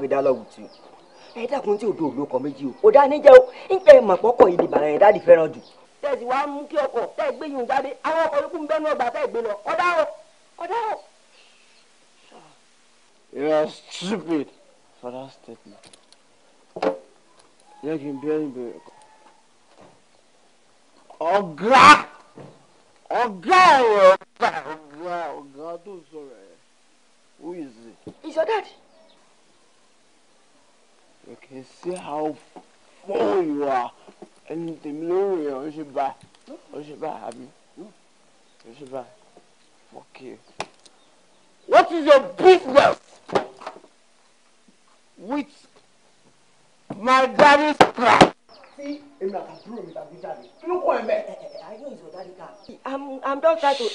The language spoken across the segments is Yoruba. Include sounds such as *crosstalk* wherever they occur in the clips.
have a dialogue with you ẹ dákun tí odò olóko méjì o ọ̀dà níjẹ́ o nígbà ẹ̀ mọ̀pọ̀kọ̀ ìdìbò àrẹ̀ ẹ̀dá di fẹ́ràn jù. tẹ̀sí wàá mú kí ọkọ̀ tẹ́ ẹ gbé yìí jáde àwọn ọkọ̀ yòókù ń bẹ́nu ọgbà tẹ́ ẹ gbé lọ ọ̀dà o ọ̀dà o. you are stupid for that statement. yẹ kí n bí ẹyin bẹ̀rẹ̀ kọ́. ọ̀gá ọ̀gá ẹ̀rọ ọ̀gá ọ̀gá tó sọ̀rọ̀ ẹ̀ who is it? it's your daddy can see how full you are and the lórí ẹ̀ ó ṣe bá ó ṣe bá àbí ó ṣe bá fuck you. What is your business with my daddy's crap? tí èmi àtàbúrò mi tàbí jáde kí ló kọ́ ẹ mẹ́. I know it's your daddy car. I'm I'm just trying to.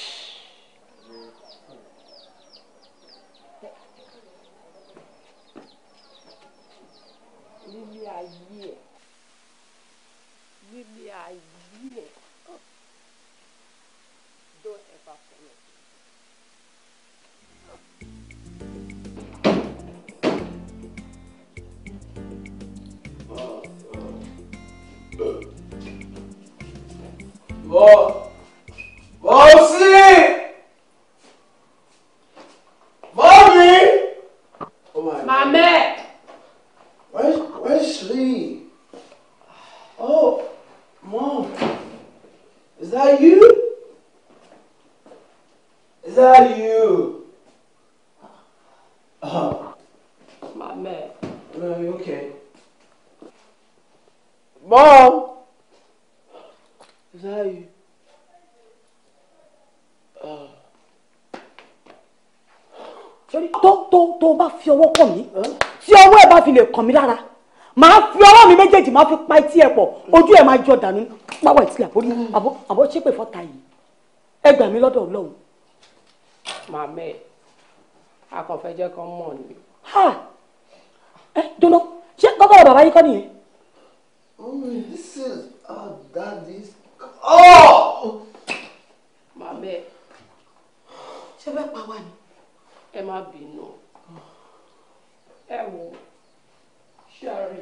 kàn mí tí ọwọ́ ẹ bá fi lè kàn mí lára màá fi ọwọ́ mi méjèèjì màá fi pa etí ẹ pọ̀ ojú ẹ máa jọ dànù pàwọ̀ ẹ̀ sílẹ̀ àbórí àbọ̀ àbọ̀ ṣépè fọ́ta yìí ẹ gbà mí lọ́dọ̀ ọlọ́run. màmá ẹ akọ̀fẹ́jẹ́ kan mọ̀ ni. ẹ dúró ṣé kọ́kọ́rọ́ bàbá yín kọ́ nìyẹn. this is how that is. màmá ẹ ṣe fẹ́ pa wá ni. ẹ má bínú ẹ wò rí.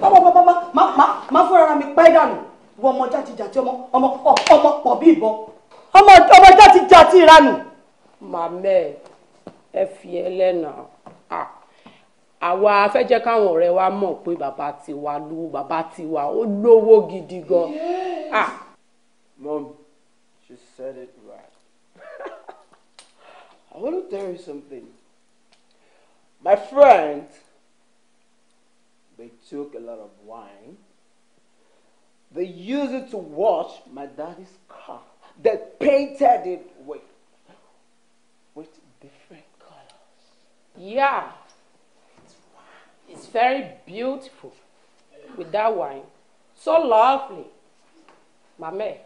bá bá má má má fúnra mi pẹ́ dànù wọ ọmọ jáde jàti ọmọ ọmọ ọmọ pọ̀ bí ìbọn ọmọ ọmọ jáde jàti ìranù. màmẹ́ ẹ fi ẹlẹ́nà àwa fẹ́ káwọn ọ̀rẹ́ wa mọ̀ pé bàbá tiwa lówó bàbá tiwa ó lówó gidi gan. Mom, she said it right. *laughs* I want to tell you something. My friends, they took a lot of wine. They used it to wash my daddy's car. They painted it with, with different colors. Yeah. It's very beautiful with that wine. So lovely. Mame,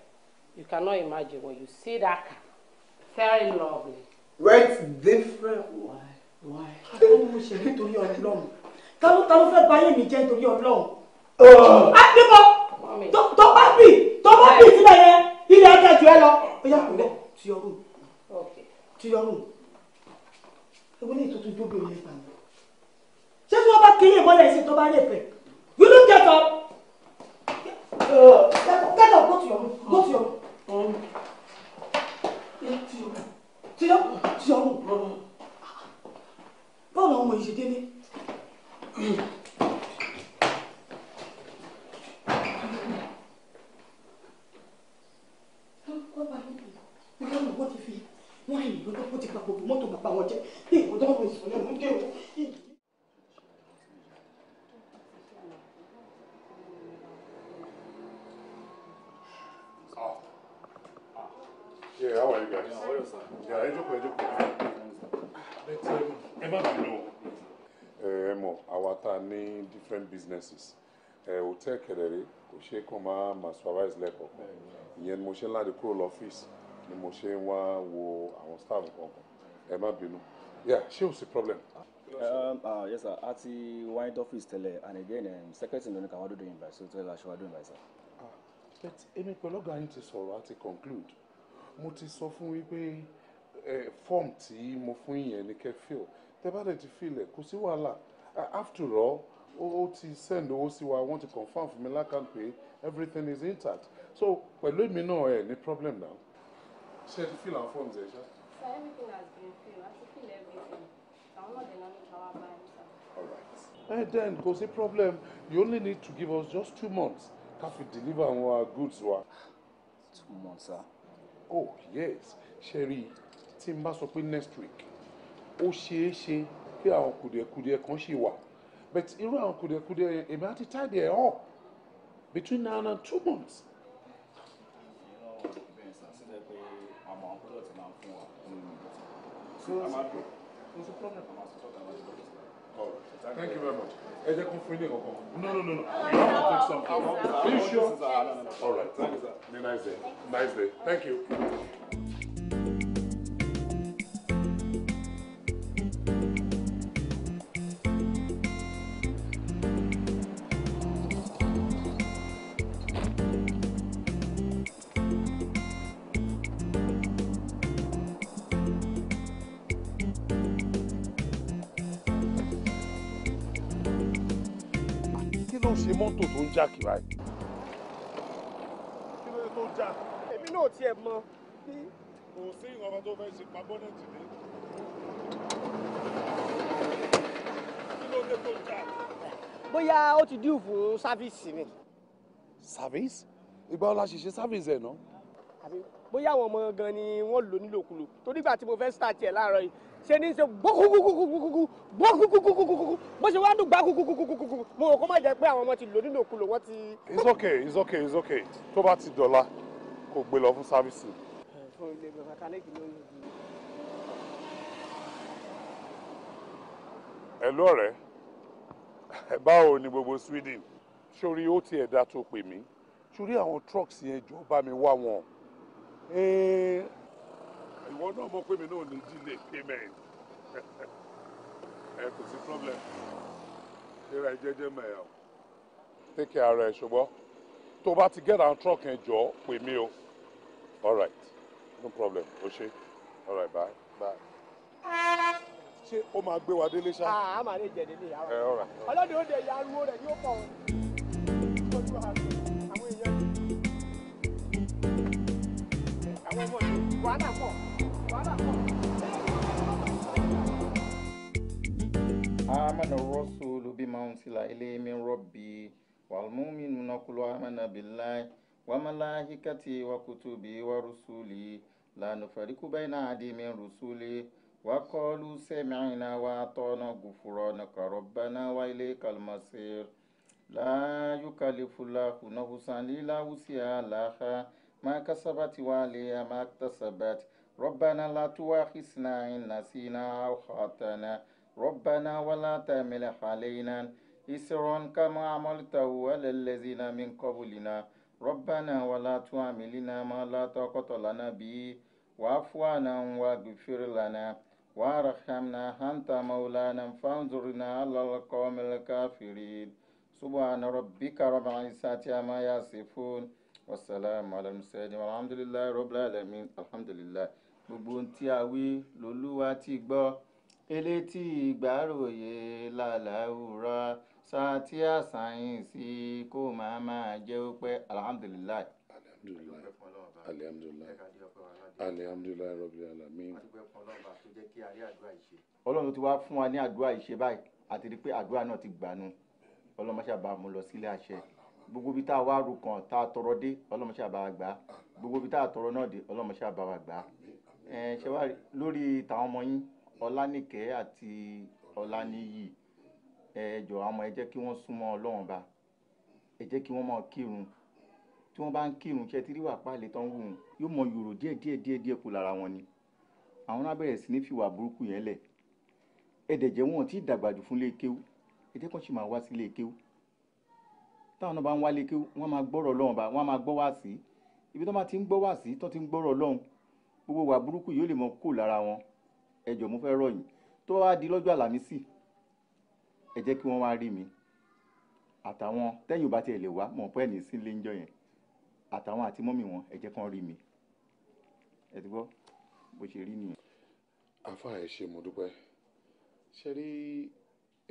you cannot imagine when you see that car. Very lovely. With different wine. àtàwọn mo ṣe nítorí ọlọ́run ta ló fẹ́ báyé mi jẹ́ nítorí ọlọ́run. á níbọ̀ tó bá bì tó bá bì síbẹ̀ yẹn ilé ajá jù ẹ lọ. ó yà kúrò tuyọrù tuyọrù ewu ní ìtútù jóbi òye ìpàdé ṣé tí wọ́n bá kéye ìmọ̀lẹ̀ sí tó bá lè fẹ̀ you no get up. get up go to your room go to your room. tuyọrù tuyọrù báwo làwọn ọmọ yìí ṣe ṣé kò máa masterize lẹ́kọ̀ọ̀kan ìyẹn ni mo ṣe láti kúrò lọ́fíìsì ni mo ṣe ń wá wo àwọn staff kankan ẹ má bínú yeah ṣé ò sí problem. Um, uh, yes sir a ti wind office tẹ́lẹ̀ and again um, secretary lónìí káwá dúdú yìnbọn so tẹ́lẹ̀ aṣọ wa dúdú yìnbọn sir. Ah, but èmi pẹ̀lú ọ̀gá yín ti sọ̀rọ̀ àti conclude mo ti sọ fún yín pé form tí mo fún yín yẹn ni kẹ́ fill tẹ́ bá dẹ̀ ti fill ẹ̀ kò sí wàhálà after all ó ti send owó sí wa wọ́n ti confirm fún mi lákàn pé everything is intact so pẹ̀lú èmi náà ẹ̀ ní problem now. ṣé ẹ ti fill our forms ẹ ṣá. sir everything has been filled i ti everything àwọn ọ̀dẹ̀ náà ní káwá báyìí sir. and then kò sí problem you only need to give us just two months ká fi deliver àwọn uh, goods wa. two months sir. oh yes ṣe rí tí n bá sọ pé next week ó ṣeé ṣe kí àwọn kùdìẹ̀kùdìẹ̀ kan ṣì wà but irú àwọn kùdẹ̀kùdẹ̀ èmi á ti tidy ẹ̀ ọ̀ between now and two months. Thank you very much. Ẹ jẹ́ kó No, no, no, no. You Are you sure? All right. Thank you, sir. Nice day. Nice day. Thank you. jack right? kí ló dé tó jack. èmi náà tiẹ̀ mọ. kò sí ìwọ̀n ọmọ tó fẹ́ ṣe pa bọ́nẹ̀tì dé. kí ló dé tó jack. bóyá ó ti díù fún sáfíìsì ni. sáfíìsì ìgbà wo la ṣe ṣe sáfíìsì ẹ̀ náà. bóyá àwọn ọmọ gan ni wọ́n lò nílòkulò torí ìgbà tí mo fẹ́ start ẹ̀ láàárọ̀ yìí ṣe it's okay it's okay it's okay tó bá ti dọ̀la kò gbé lọ fún sáfíìsì. ẹ̀lú ọ̀rẹ́ báwo ni gbogbo Sweden sórí ó tiẹ̀ dá tó pè mí sórí àwọn trucks yẹn jọ bá mi ìwọ náà mọ̀ pé mi náà ní delay payment ẹ kò sí problem ìrà ìjẹjẹ mẹ́ẹ̀ o. take care ara ṣùgbọ́n tó bá ti get our truck yẹn jọ pè mí o all right no problem o ṣe all right bye bye. ṣé ó máa gbé wa délé ṣá. àá ah, máa lè jẹ délé yàrá eh, ọlọ́dún ó de ìyá arúgbó rẹ̀ yóò pọ̀ àwọn èèyàn àwọn ọmọ آمن الرسول بما أنزل إليه من ربي والمؤمنون كل آمن بالله وملائكته وكتبه ورسله لا نفرق بين أحد من رسله وقالوا سمعنا وأطعنا غفرانك ربنا وإليك المصير لا يكلف الله نفسا إلا وسعها ما كسبت وعليها ما اكتسبت ربنا لا تواخسنا إن نسينا أو خاطنا ربنا ولا تملح علينا إسرا كما عملته على الذين من قبلنا ربنا ولا تعملنا ما لا طاقة لنا به واعف عنا واغفر لنا وارحمنا أنت مولانا فانظرنا على القوم الكافرين سبحان ربك رب العزة عما يصفون والسلام على المرسلين والحمد لله رب العالمين الحمد لله gbogbo ohun tí a wí lolúwa ti gbọ́ elétí ìgbàròyé làlàúrọ sátí àsáyẹ̀nsì kó máa máa jẹ́ ó pẹ́ alhamdulilayi. alhamdulilayi alhamdulilayi alhamdulilayi rabbil ọlọ́run ló ti wá fún wa ní àdúrà ìṣe báyìí àti rí i pé àdúrà náà ti gbanú ọlọ́mọṣà bá mú lọ sílé àṣẹ gbogbo ibi tá a wá rú tá a tọrọ dé ọlọ́mọṣà bá wa gbà gbogbo ibi tá a tọrọ náà dé ọlọ́mọṣà bá wa gbà ṣe wá lórí tàwọn ọmọ yín ọlánìkẹ́ àti ọláníyì ẹ àwọn ọmọ kí wọ́n súnmọ́ ọlọ́run ba ẹ kí wọ́n máa kírun tí wọ́n bá ń kírun ṣe ti rí wà páàlì tán wù wọn yóò mọ yòrò díẹ̀ díẹ̀ díẹ̀ díẹ̀ kù lára wọn ni àwọn náà bẹ̀rẹ̀ sí ní fìwà burúkú yẹn lẹ̀ ẹ̀dẹ̀jẹ̀ wọn ti dàgbà jù fún lékéwú ẹ jẹ́ kán sì máa wá sí lékéwú táwọn náà bá ń wá lékéwú wọ́n máa gbọ́rọ̀ ọlọ́run ba wọ́n máa gbọ́ wá sí ibi tó bá ti ń gbọ́ wá sí tó ti ń gbọ́rọ̀ ọlọ́run gbogbo wà burúkú yóò lè mọ kó lára wọn ẹ jọ̀ọ́ mo fẹ́ rọ̀ tó wá di lọ́jọ́ àlàmísì ẹ jẹ́ kí wọ́n wá rí mi àtàwọn tẹ́yìn ò bá tiẹ̀ lè wá mọ̀ pẹ́ ní sí ilé yẹn àtàwọn àti mọ́mì wọn ẹ jẹ́ kán rí mi ẹ ti gbọ́ bó ṣe rí nìyẹn. àfa ẹ ṣe mo dúpẹ́ ṣe rí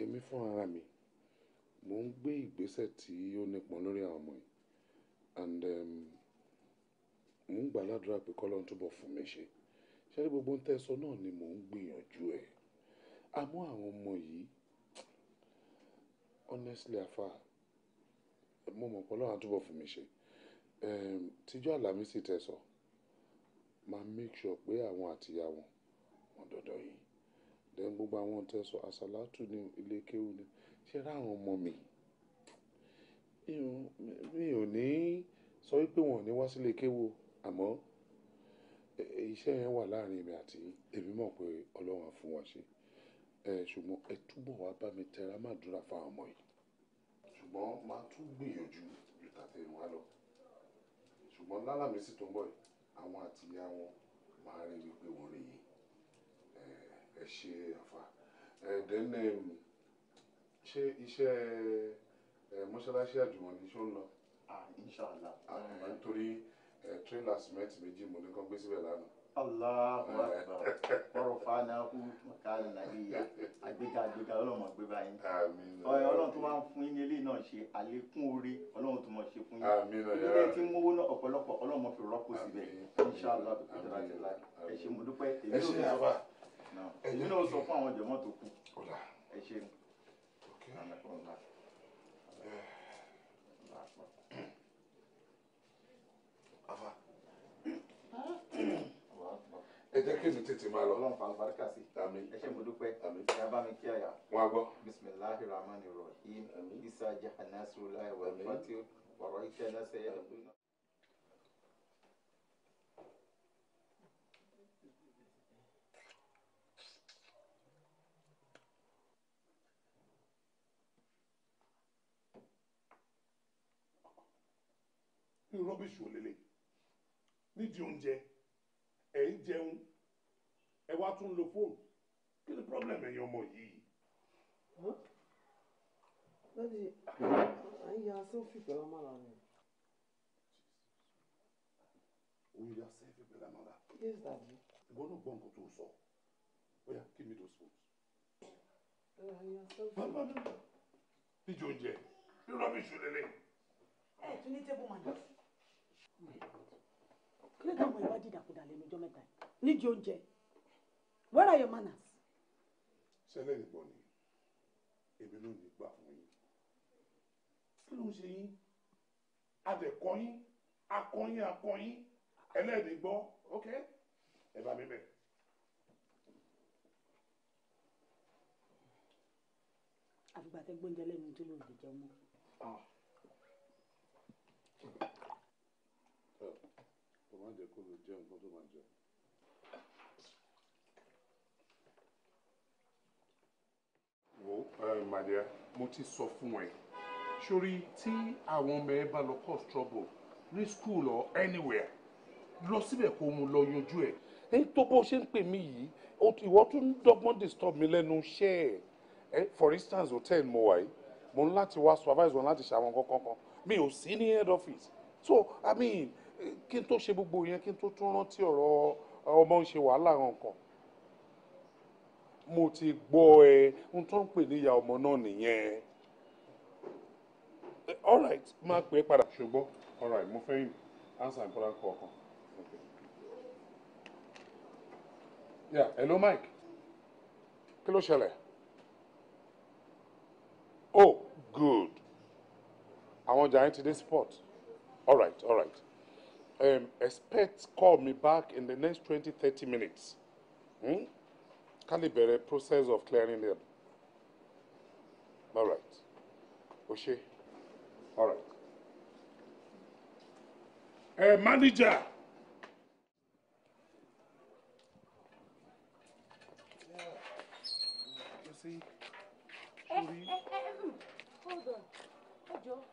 èmi fún ara mi mo ń gbé ìgbésẹ̀ tí ó nípọn lórí àwọn ọmọ yìí and um, mò ń gbà ládùúrà pé kọ́lọ́n túbọ̀ fún mi ṣe ṣé gbogbo ń tẹ́sọ náà ni mò ń gbìyànjú ẹ̀ àmọ́ àwọn ọmọ yìí honestly afa mo mọ̀ pé ọlọ́run túbọ̀ fún mi ṣe ehm, tíjọ́ àlàmísì tẹ̀sọ̀ máa make sure pé àwọn àtìyá wọn wọn dọ̀dọ̀ yìí then gbogbo àwọn tẹ̀sọ̀ àsàlátù ní ilé kéwù ni ṣé ráwọn ọmọ mi mi ò ní sọ wípé wọn ò ní wá sílé kéwù o àmọ́ e, e, iṣẹ́ yẹn wà láàrin mi àti èmi mọ̀ pé Ọlọ́run á fún wa ṣe ẹ ṣùgbọ́n ẹ túbọ̀ wá bá mi tẹra má dúrà fáwọn ọmọ yìí ṣùgbọ́n máa tún gbìyànjú ju tàtẹ̀yìn wa lọ ṣùgbọ́n lálàmísì tó ń bọ̀ yìí àwọn àtìyá wọn máa rí wípé wọ́n rí yìí ẹ ṣe àfa ẹ dẹ́nẹ̀ ṣé iṣẹ́ mọ́ṣáláṣí àjùmọ̀ ni ṣó ń lọ. Ah, inshallah. nítorí. Ah, Eh, tírélà sìmẹ́ǹtì méjì mo ní kán gbé síbẹ̀ lánàá. Allahu eh. Akbar ọ̀rọ̀ fana kú kàlẹ́ nàìjíríà àgbéga àgbéga ọlọ́mọ gbé báyìí. ọlọ́run tó máa ń fún yín ní ilé náà ṣe àlékún oore ọlọ́run tó máa ṣe fún yín. ilé tí mówó náà ọ̀pọ̀lọpọ̀ ọlọ́mọ fi rọ́pò síbẹ̀ inṣàlá tó kọjá láti la ẹ ṣé mo dúpẹ́ èmi náà sọ fún àwọn jọmọ́ tó kù ẹ ṣé. ẹ jẹ́ kí èmi tètè máa lọ. ọlọ́run fàlùbà rí kàsí. àmín ẹ ṣe mo dúpẹ́. àmín ẹ bá mi kí àyà. wọn a gbọ́. bisimilahi rahman rahim isa jahanasu lai wa fati ọ̀rọ̀ iṣẹ́ náà ṣe é lọ́gbìn. ní rọ́bìṣì nídìí oúnjẹ ẹ̀ ń jẹun ẹ wá tún lo fóònù kí ni problem ẹ̀yin ọmọ yìí. lọ́dí à ń ya sẹ́fì pẹ̀lú amọ́ra rẹ̀. o yà sẹ́fì pẹ̀lú amọ́ra. yes daddy. ìwọ náà gbọ́ nǹkan tó sọ ó yá kí mi tó sọ. bàbá mi níjó oúnjẹ bí rọ́bìṣù lélẹ̀. ẹ tún ní tébù màdà kí ló dáwọn ìwà dìdàkudà lẹ́nu ọjọ́ mẹ́ta nídìí oúnjẹ where are your manners. sẹ́lẹ̀ nìbọn ni èmi ló ní gbà fún yín kí ló ń ṣe yín adẹ̀kọ́yín akọ́yín akọ́yín ẹlẹ́ẹ̀dẹ̀ gbọ́ ok ẹ bá mi bẹ̀. àfìgbà tẹ gbóúnjẹ lẹ́nu tó lòdì jẹun mọ́. Ah má jẹ́ kó lo jẹ́ nǹkan tó máa jẹ. wo eh, màdìá mo ti sọ fún ẹ sórí cause trouble ní school or anywhere lọ síbẹ̀ kó mu lọ yanjú ẹ̀. ní tó bó ṣe ń pè mí yìí ìwọ tún ń dọ́gbọ́n disturb mi lẹ́nu iṣẹ́ ẹ̀ for instance hotel mo wà yìí mo ń láti wá supervise wọn láti ṣe àwọn kankan kan mi ò sí ní head office so i mean kí n tó ṣe gbogbo yẹn kí n tó tún rántí ọ̀rọ̀ eh, ọmọ ń ṣe wàhálà hàn kan mo ti gbọ́ ẹ eh, n tó ń pè níyà ọmọ náà nìyẹn eh, all right máa pè é padà ṣùgbọ́n all right mo fẹ́ yìn answer important call kan. yeah hello Mike kí ló ṣẹlẹ̀ oh good àwọn giant ti dé sport all right all right um, expect call me back in the next 20, 30 minutes. Hmm? Can process of clearing them? All right. Oshé. All right. Hey, uh, manager. Yeah. You eh, eh, hmm. Hold on. Hold on.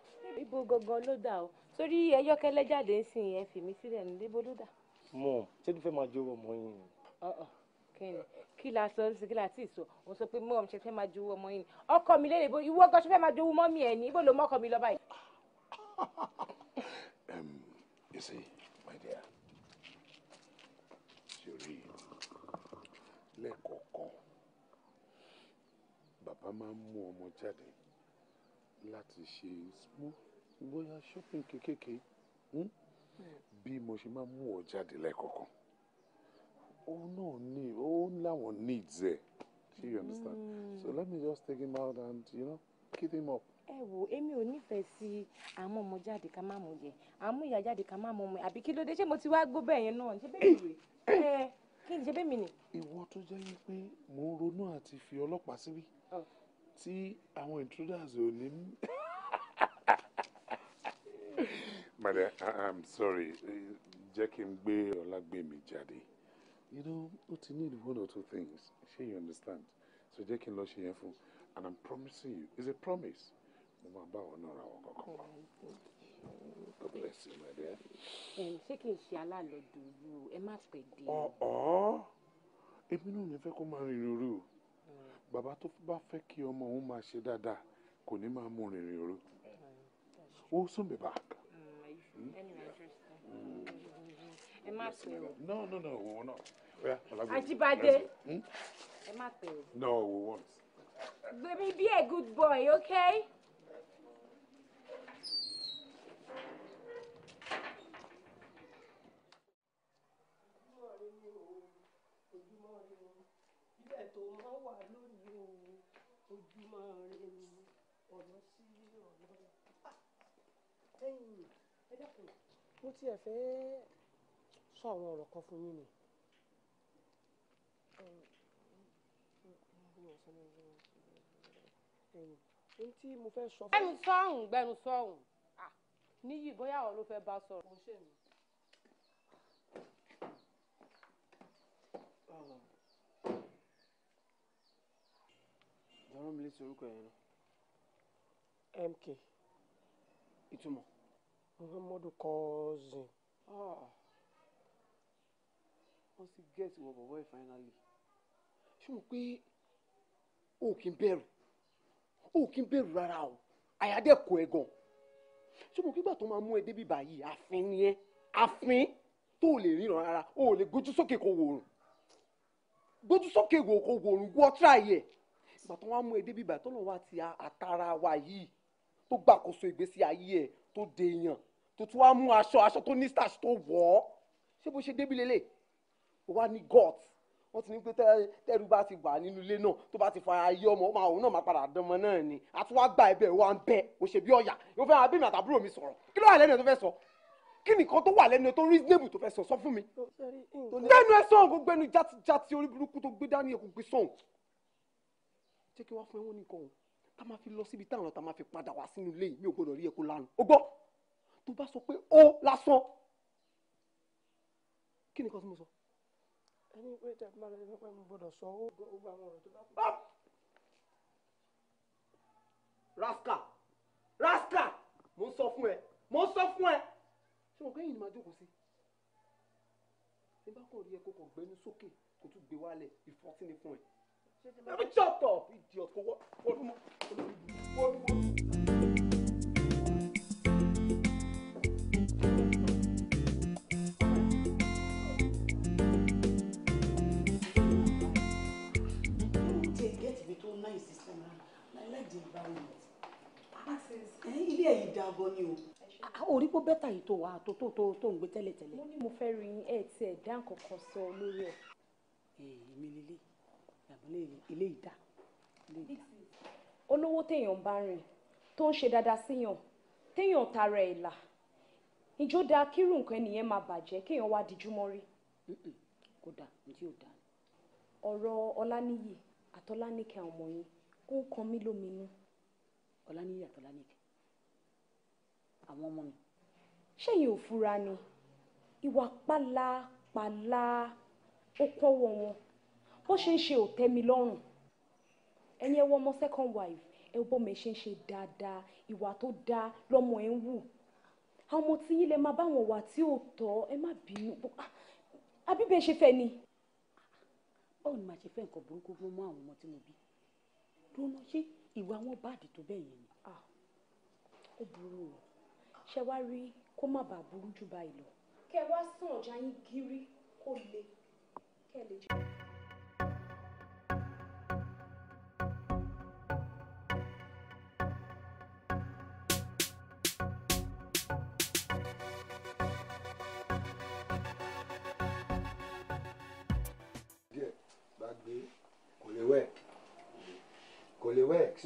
Ibo gangan ló dà sórí ẹyọkẹlẹ jáde ń sìn ẹ fèmí sílẹ̀ nílé bolódà. mọ ṣé tó fẹ́ máa jówó ọmọ yín ni. Ah, ah. kẹ́ni kí la sọ sí kí la tí ì sọ mo sọ pé mọ́ọ̀mù ṣe fẹ́ máa jówó ọmọ yín ni ọkọ mi lè lèbo ìwọ gan ṣe fẹ́ máa jówó mọ́mì ẹ̀ ní ibo ló mọ́kọ mi lọ báyìí. *laughs* you see my dear ṣeré lẹ́kọ̀ọ̀kan bàbá máa ń mú ọmọ jáde láti ṣe smooth bóyá shopping kékèké hmm? bí mo ṣe máa mú ọ jáde lẹ́ẹ̀kọ̀kan òun náà ní òun láwọn needs ẹ̀ do you understand hmm. so let me just take him out and you know kid him up. ẹ wo èmi ò nífẹ̀ẹ́ sí àmọ́ ọmọ jáde ká má mú yẹ àmọ́ ìyá jáde ká má mú ọmọ àbí kí ló dé ṣé mo ti wá gbọ́ bẹ́ẹ̀ yẹn náà ṣé bẹ́ẹ̀ mi rè kí ni ṣe bẹ́ẹ̀ mi nì. ìwọ tó jẹ́ wípé mò ń ronú àti fi ọlọ́pàá síbí oh. tí àwọn intruders ò ní. Madam, uh, I am sorry. Jẹ́ kí n gbé Ọlágbèmí jáde. You know, ó ti need one or two things. Ṣé you understand? So jẹ́ kí n lọ ṣe yẹn fún. And I'm promising you, it's a promise. Mo máa bá ọ̀nà ra wọn kọ̀ọ̀kan God bless you, my dear. Ṣé kí n ṣe alálọ́dọ̀ọ́rù? Ẹ má pè dé. Ọ̀ọ́ èmi náà ní fẹ́ kó máa rìnrìn òru. Hmm. Bàbá tó bá fẹ́ kí ọmọ òun máa ṣe dáadáa kò ní máa mú rìnrìn òru. We'll soon be back. Mm, hmm? Anyway, interesting. Mm. Mm. No, no, no, we will not. Yeah, Ajibade. Hmm? No, we won't. Baby, be a good boy, okay? ojúmọ́ rẹ o ilé tó máa wà lónìí mo tiẹ̀ fẹ́ sọ àwọn ọ̀rọ̀ kan fún yín ni. ohun tí mo fẹ́ sọ. gbẹnu sọ́hùn gbẹnu sọ́hùn ah, níyì bóyá ọ̀rọ̀ ló fẹ́ bá sọ̀rọ̀. jọ̀rọ̀ mi létí orúkọ yẹn lọ. MK. ìtumọ̀. Muhammadu cousin. Ah. wọ́n sì gẹ̀ẹ́sì wọ bọ̀bọ̀ yìí finally. ṣé mo pé o kì í bẹ̀rù o kì í bẹ̀rù rárá o àyàdẹ́kọ̀ ẹ̀ gan. ṣé mo kígbà tó máa mú ẹ débi báyìí àfin ni ẹ àfin tó lè ríran rárá o lè gbójú sókè kó wòrùn gbójú sókè wò kó wòrùn wọ́ tíra yẹ ìgbà tó wá mú ẹ débi báyìí tó lọ́wọ́ àti àtàrà wa yìí tó gbàkóso ìgbésí ayé ẹ̀ tó de èèyàn tó tún wá mú aṣọ aṣọ tó ní starch tó wọ̀ ọ́ ṣé bó ṣe débi lélẹ̀ ó wá ní gut wọ́n ti ní pé tẹ́rù bá ti wà nínú ilé náà tó bá ti fa ayé ọmọ ọmọ àwọn náà máa padà dánmọ náà ni àtúwá gba ẹ̀bẹ̀ wa ń bẹ ó ṣe bí ọ̀yà yóò fẹ́ abẹ́mi àtàbúrò mi sọ̀rọ̀ kí ló wà lẹ́nu ẹ̀ tó fẹ́ sọ kí nìkan tó wà lẹ́nu ẹ̀ tó reasonable tó fẹ́ sọ sọ fún mi. Oh, lẹ́nu ẹ sọ̀hún kó gbẹnu játijàti orí burúkú tó gbé dání ẹ̀ kó gbé sọ̀hún. jẹ́ kí wá fún ẹ wọ́n ní nǹkan tá máa fi lọ síbi táwọn lọ tá máa fi padà wá sínú ilé yìí mi ò gbọdọ̀ rí ẹ kó lanu ó gbọ́ tó bá sọ pé ó lásán kí ni kan tí mo sọ. ẹni pé tẹ̀sí máa lọ sí pé mo gbọdọ̀ sọ ó gbọ́ àwọn ọ̀rọ̀ tó bá kú. Ah! raska raska mo ń sọ fún ẹ mo ń sọ fún ẹ ṣé wọn kẹ́yìn ni màá jókòó sí ní bá kàn rí ẹ kó kàn gbẹ́nu sókè kó tún gbé wálẹ̀ ìfọ́sí ni fún ẹ. Let me shut up, idiot. What? What? What? What? What? ilé ẹ̀yìn da gan ni o. Ah, orí pé bẹ́tà yìí tó wà tó tó tó tó ń gbé tẹ́lẹ̀tẹ́lẹ̀. mo ní mo fẹ́ rí ẹ tiẹ̀ dá nǹkan sọ lórí ẹ̀. Eh, èmi nílé ilé ìdá olówó téèyàn bá rìn tó ń ṣe dáadáa síyàn téèyàn tara ẹ̀ là ìjó dáa kírù nǹkan ẹnìyẹn máa bàjẹ́ kéèyàn wá dijú mọ́ rí. kò dáa ntí ò dáa. ọ̀rọ̀ ọláníyì àtọ́láníkẹ́ ọmọ yẹn kó kan mí lóminú. ọláníyì àtọ́láníkẹ́ àwọn ọmọ mi. ṣẹ́yìn ò fura ni ìwà pálapàla ó kọ́wọ́ wọn bó ṣe ń ṣe ò tẹ́ mi lọ́rùn ẹ̀yin ẹ wo ọmọ second wife ẹ bọ́ mi ṣe ń ṣe dáadáa ìwà tó dáa lọ́mọ ẹ̀ ń wù àwọn ọmọ tí yín lè máa báwọn wà tí ò tọ́ ẹ má bínú àbí ṣe fẹ́ ni. báwo ni màá ṣe fẹ́ nǹkan burúkú fún mọ́ àwọn ọmọ tí mo bí lónà ṣé ìwà wọn báàdì tó bẹ́ẹ̀ yẹn ni. Ah, ó burú o ṣe wá rí kó má bàa burú jù báyìí lọ. kẹ wá sàn ọjà yín gírí kó le kẹ lè jẹ.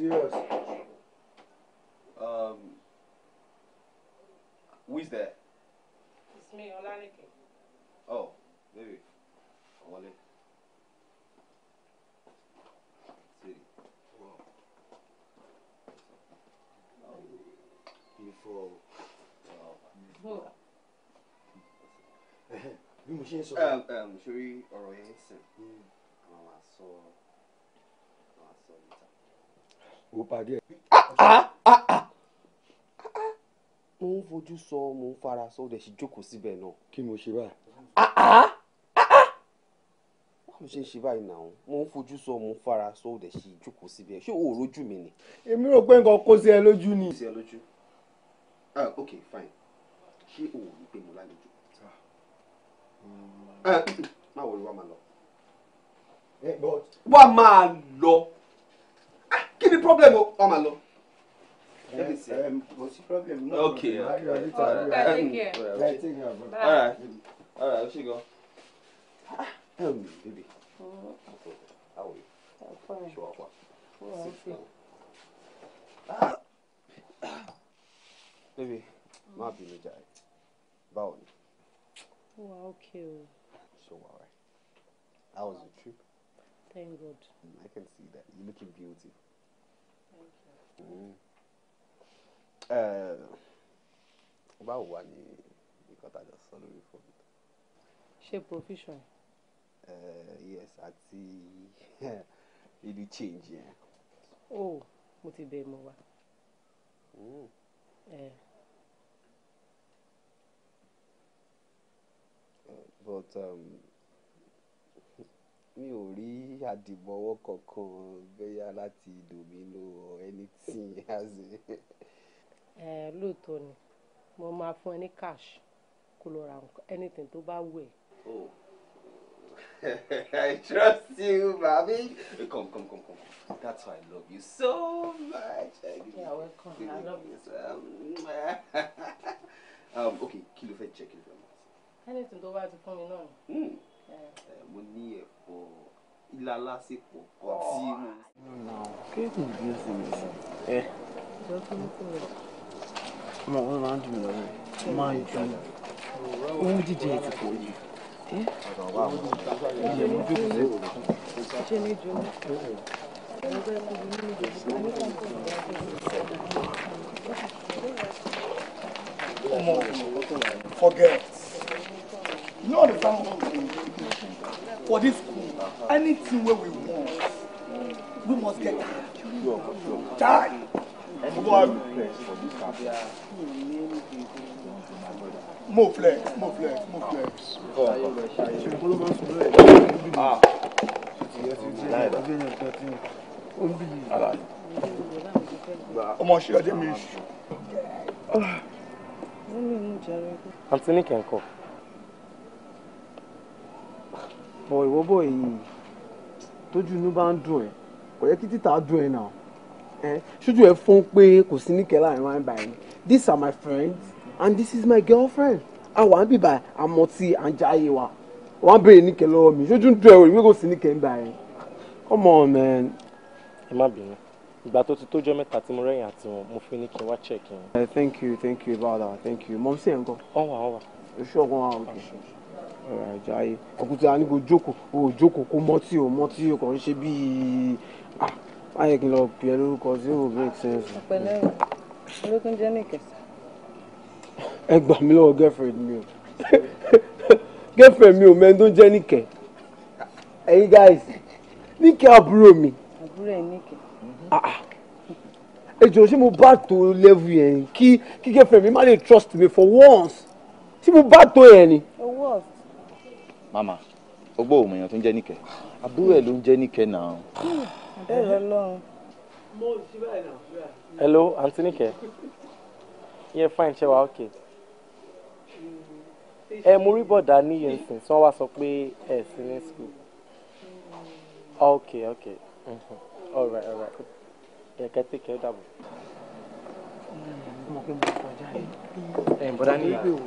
Serious. Um, who is there? It's me, Olanike. Oh, baby. Wale. See, Wow. Um, Beautiful. Uh, *laughs* wow. Bí mo ṣe ń sọ. Um, um, ṣorí ọ̀rọ̀ yẹn ń sìn. Hmm. Àwọn ó parí ẹ̀. mo ń fojú sọ mo ń fara sọ ọdẹ sì jókòó síbẹ̀ náà. kí mo ṣe báyìí. Ah, ah, ah, báwo ṣe ń ṣe báyìí náà mo ń fojú sọ mo ń fara sọ ọdẹ sì jókòó síbẹ̀ ṣé o ò rójú mi ni. èmi rò pé nǹkan kó sí ẹ lójú ni. kó fine ṣé o ò rí pé mo lálejò. Eh, *clears throat* má wọlé wá máa lọ. Eh, wá máa lọ kí ni problem o ọ máa lọ. kò sí problem náà ok alright alright o ṣe gan. Baby, má hmm. bínú jàre. Báwo ni? Ó wà ókè o. So alright. How was the trip? Thank God. Mm, I can see that. You're looking beautiful báwo wà ní nǹkan tá a jọ sọ lórí fóònù. ṣe provision. yes àti ìlú *laughs* change yẹn. o mo ti bẹ̀ mọ́ wa. but. Um, mi ò rí àdìmọ́wọ́ kankan bóyá láti domino anything *laughs* as ẹ lóòótọ́ ni mo máa fún ẹ ní cash kó lọ ra anything tó bá wù ẹ́. Oh. *laughs* I trust you, Bobby. Come, come, come, come. That's why I love you so much. Yeah, welcome. I love you. Um, *laughs* um, okay, kí ló check jẹ kí ló fẹ́ mọ̀. anything tó bá ti fún mi Eh, mo ní ẹ̀fọ́ ilá lásìkò kan tí oh. eh. mo. kéèkì bí ó ṣe lè ṣe. ẹ ọmọ wọn máa ń dùn lọ́wọ́ máa ń dùn owó jíjẹ ti pọ̀ jù. Eh? ilé mo jókòó sí òru. ṣé ní jù ní. Forget. You understand what I'm saying? for this school anything where we want we must get am die one More flex more flex mo flex. Ah. ọmọ ṣe ọdẹ mi. Ah. àǹtí ní kẹ́ńkọ́. bọ̀ ìwọ bọ̀ èyìn tójú inú bá ń dùn ẹ̀ kò yẹ kí títà dùn ẹ̀ náà ẹ̀ ṣojú ẹ̀ fún pé kò sí ní kẹlẹ́ àárín wáyé báyìí these are my friends and this is my girlfriend àwọn àbí bá àmọ́ tí à ń jáyé wa wọ́n á béèrè ní kẹlẹ́ ọ̀mí ṣojú ń dùn ẹ̀ òyìnbó kò sí ní kẹ́ ń come on man. ẹ má bínú ìgbà tó ti tójọ́ mẹ́ta tí mo rẹ́yìn àti wọn mo fi ní kí n wá check in. thank you thank you brother thank you mọ̀ sí ẹ̀ ń kọ́. ọ̀wà ọ̀wà. oṣù ọ̀gbọ́n wa òkè. Àjàyí ọkùnrin tí a ní kò jókòó o jókòó kó mọ́tì o mọ́tì o kàn ń ṣe bíi báyẹn kí n lọ bí ẹ lórúkọ zero make sense. ọ̀pẹ̀lẹ́ o olókùn jẹ́ ní ìkẹsà. ẹ gbà mí lọ́wọ́ girlfriend mi o *laughs* girlfriend mi o mẹ́ni tó ń jẹ́ níkẹ́ ẹ̀yin guys níkẹ́ àbúrò mi. àbúrò ẹ̀ níkẹ́. ẹ jọ̀ọ́ ṣé mo bá tó level yẹn kí kí girlfriend mi má lè trust me for once ṣé mo bá tó yẹn ni. owó ọ̀f mama ó gbọ́ òmìnira tó ń jẹ́ níkẹ́ àbúrò ẹ̀ ló ń jẹ́ níkẹ́ náà. hello aunty níkẹ́ yeah fine ṣe wa okay ẹ mo rí bọ̀dá níyẹn sìn tí wọ́n wá sọ pé ẹ sí ní school okay okay mm-hmm. all right all right ẹ kẹ́ tí kẹ́ ó dàbọ̀ mọ̀ pé mo kọjá yìí. ẹ̀ bọ̀dá ní ìgbé o.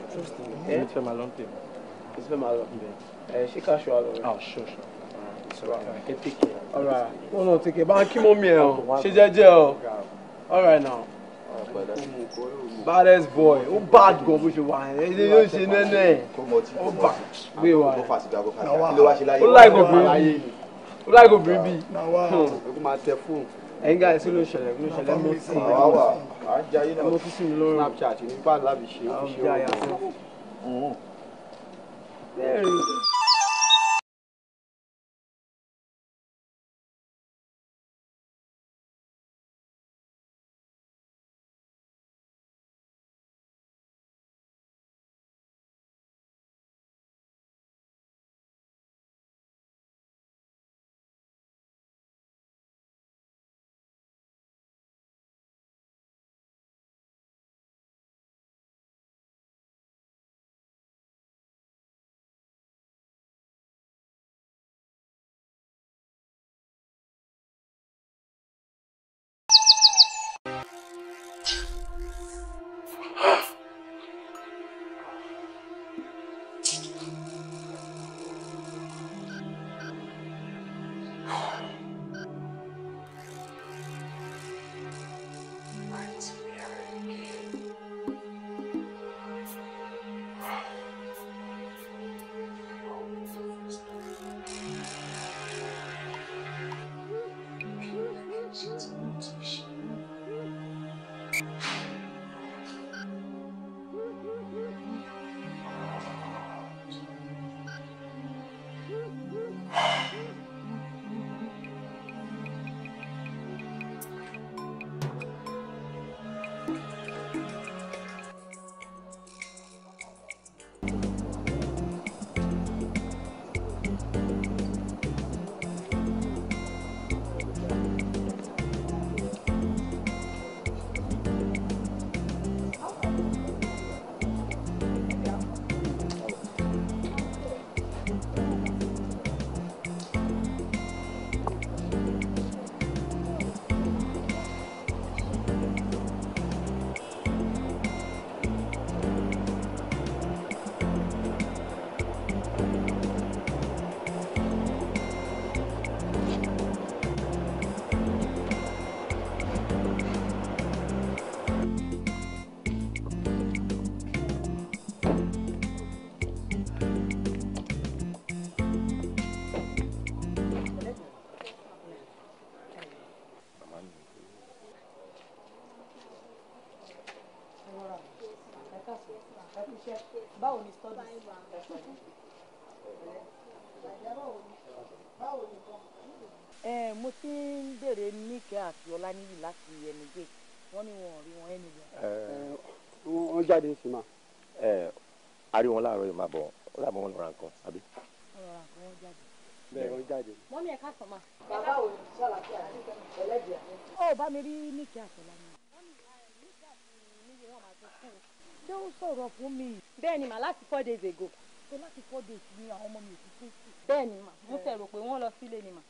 ẹ ti fẹ́ máa lọ́ntẹ̀. ẹ Oh sure sure. All ṣé ká ṣọ àlọ́ oh, ṣọ ṣọ ọ̀rọ̀ wọn náà tèké bá ń oh, mọ́ mi ẹ̀ o ṣe jẹ́jẹ́ o ọ̀rọ̀ náà baddest boy oh, bad gan bó ṣe wà ẹ ẹ yóò ṣe nẹ́nẹ́ ẹ̀ ó bà gbé wa ó láìkò obìnrin ó láìkò obìnrin bíi hmm. ẹ̀yin gáà sí ló ṣẹlẹ̀ ló ṣẹlẹ̀ mo sì mo sì sí mi lọ́rùn Snapchat nípa lábìṣe ó fi ṣe ó Very good. mo ti ń béèrè níkẹ́ àti ọláníyì láti ẹnu gbé wọ́n ní wọn ò rí wọn ẹnu yẹn. wọ́n jáde sí ma. a rí wọn láàárọ̀ yìí máa bọ̀ ó dàbọ̀ wọn lọ́ra nǹkan àbí. lọ́ra nǹkan wọn jáde. bẹ́ẹ̀ wọ́n jáde. wọ́n ní ẹ̀ka sọ̀ma. bàbá ò ní sàlàkì àti ẹlẹ́dìá. ó bá mi rí níkẹ́ àti ọláníyì. wọ́n ṣé ó sọ̀rọ̀ fún mi. bẹ́ẹ̀ ni màá láti four days ago ṣe láti four days ni àwọn ọmọ mi ò ti sí. bẹ́ẹ̀ ni mà mo tẹ̀ rò pé wọ́n lọ sílé ni mà.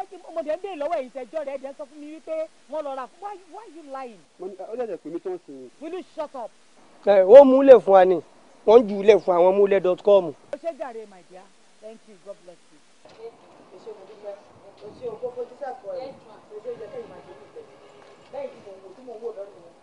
ẹ ti mo dẹ̀ dé lọ́wọ́ èyí tẹ́jọ́ rẹ̀ ẹ̀ sọ fún mi wípé wọ́n lọ ra why why you lying. ó dẹ̀ pè mí tó ń sìn. will you shut up. ẹ ó mú lè fún wa ni wọ́n jù ú lẹ̀ fún àwọn múlẹ̀ dot com. ó ṣe jàre my dear thank you god bless you. ṣé mo dúpẹ́ o ṣe òkú fojú sàkó o ṣe ìjọ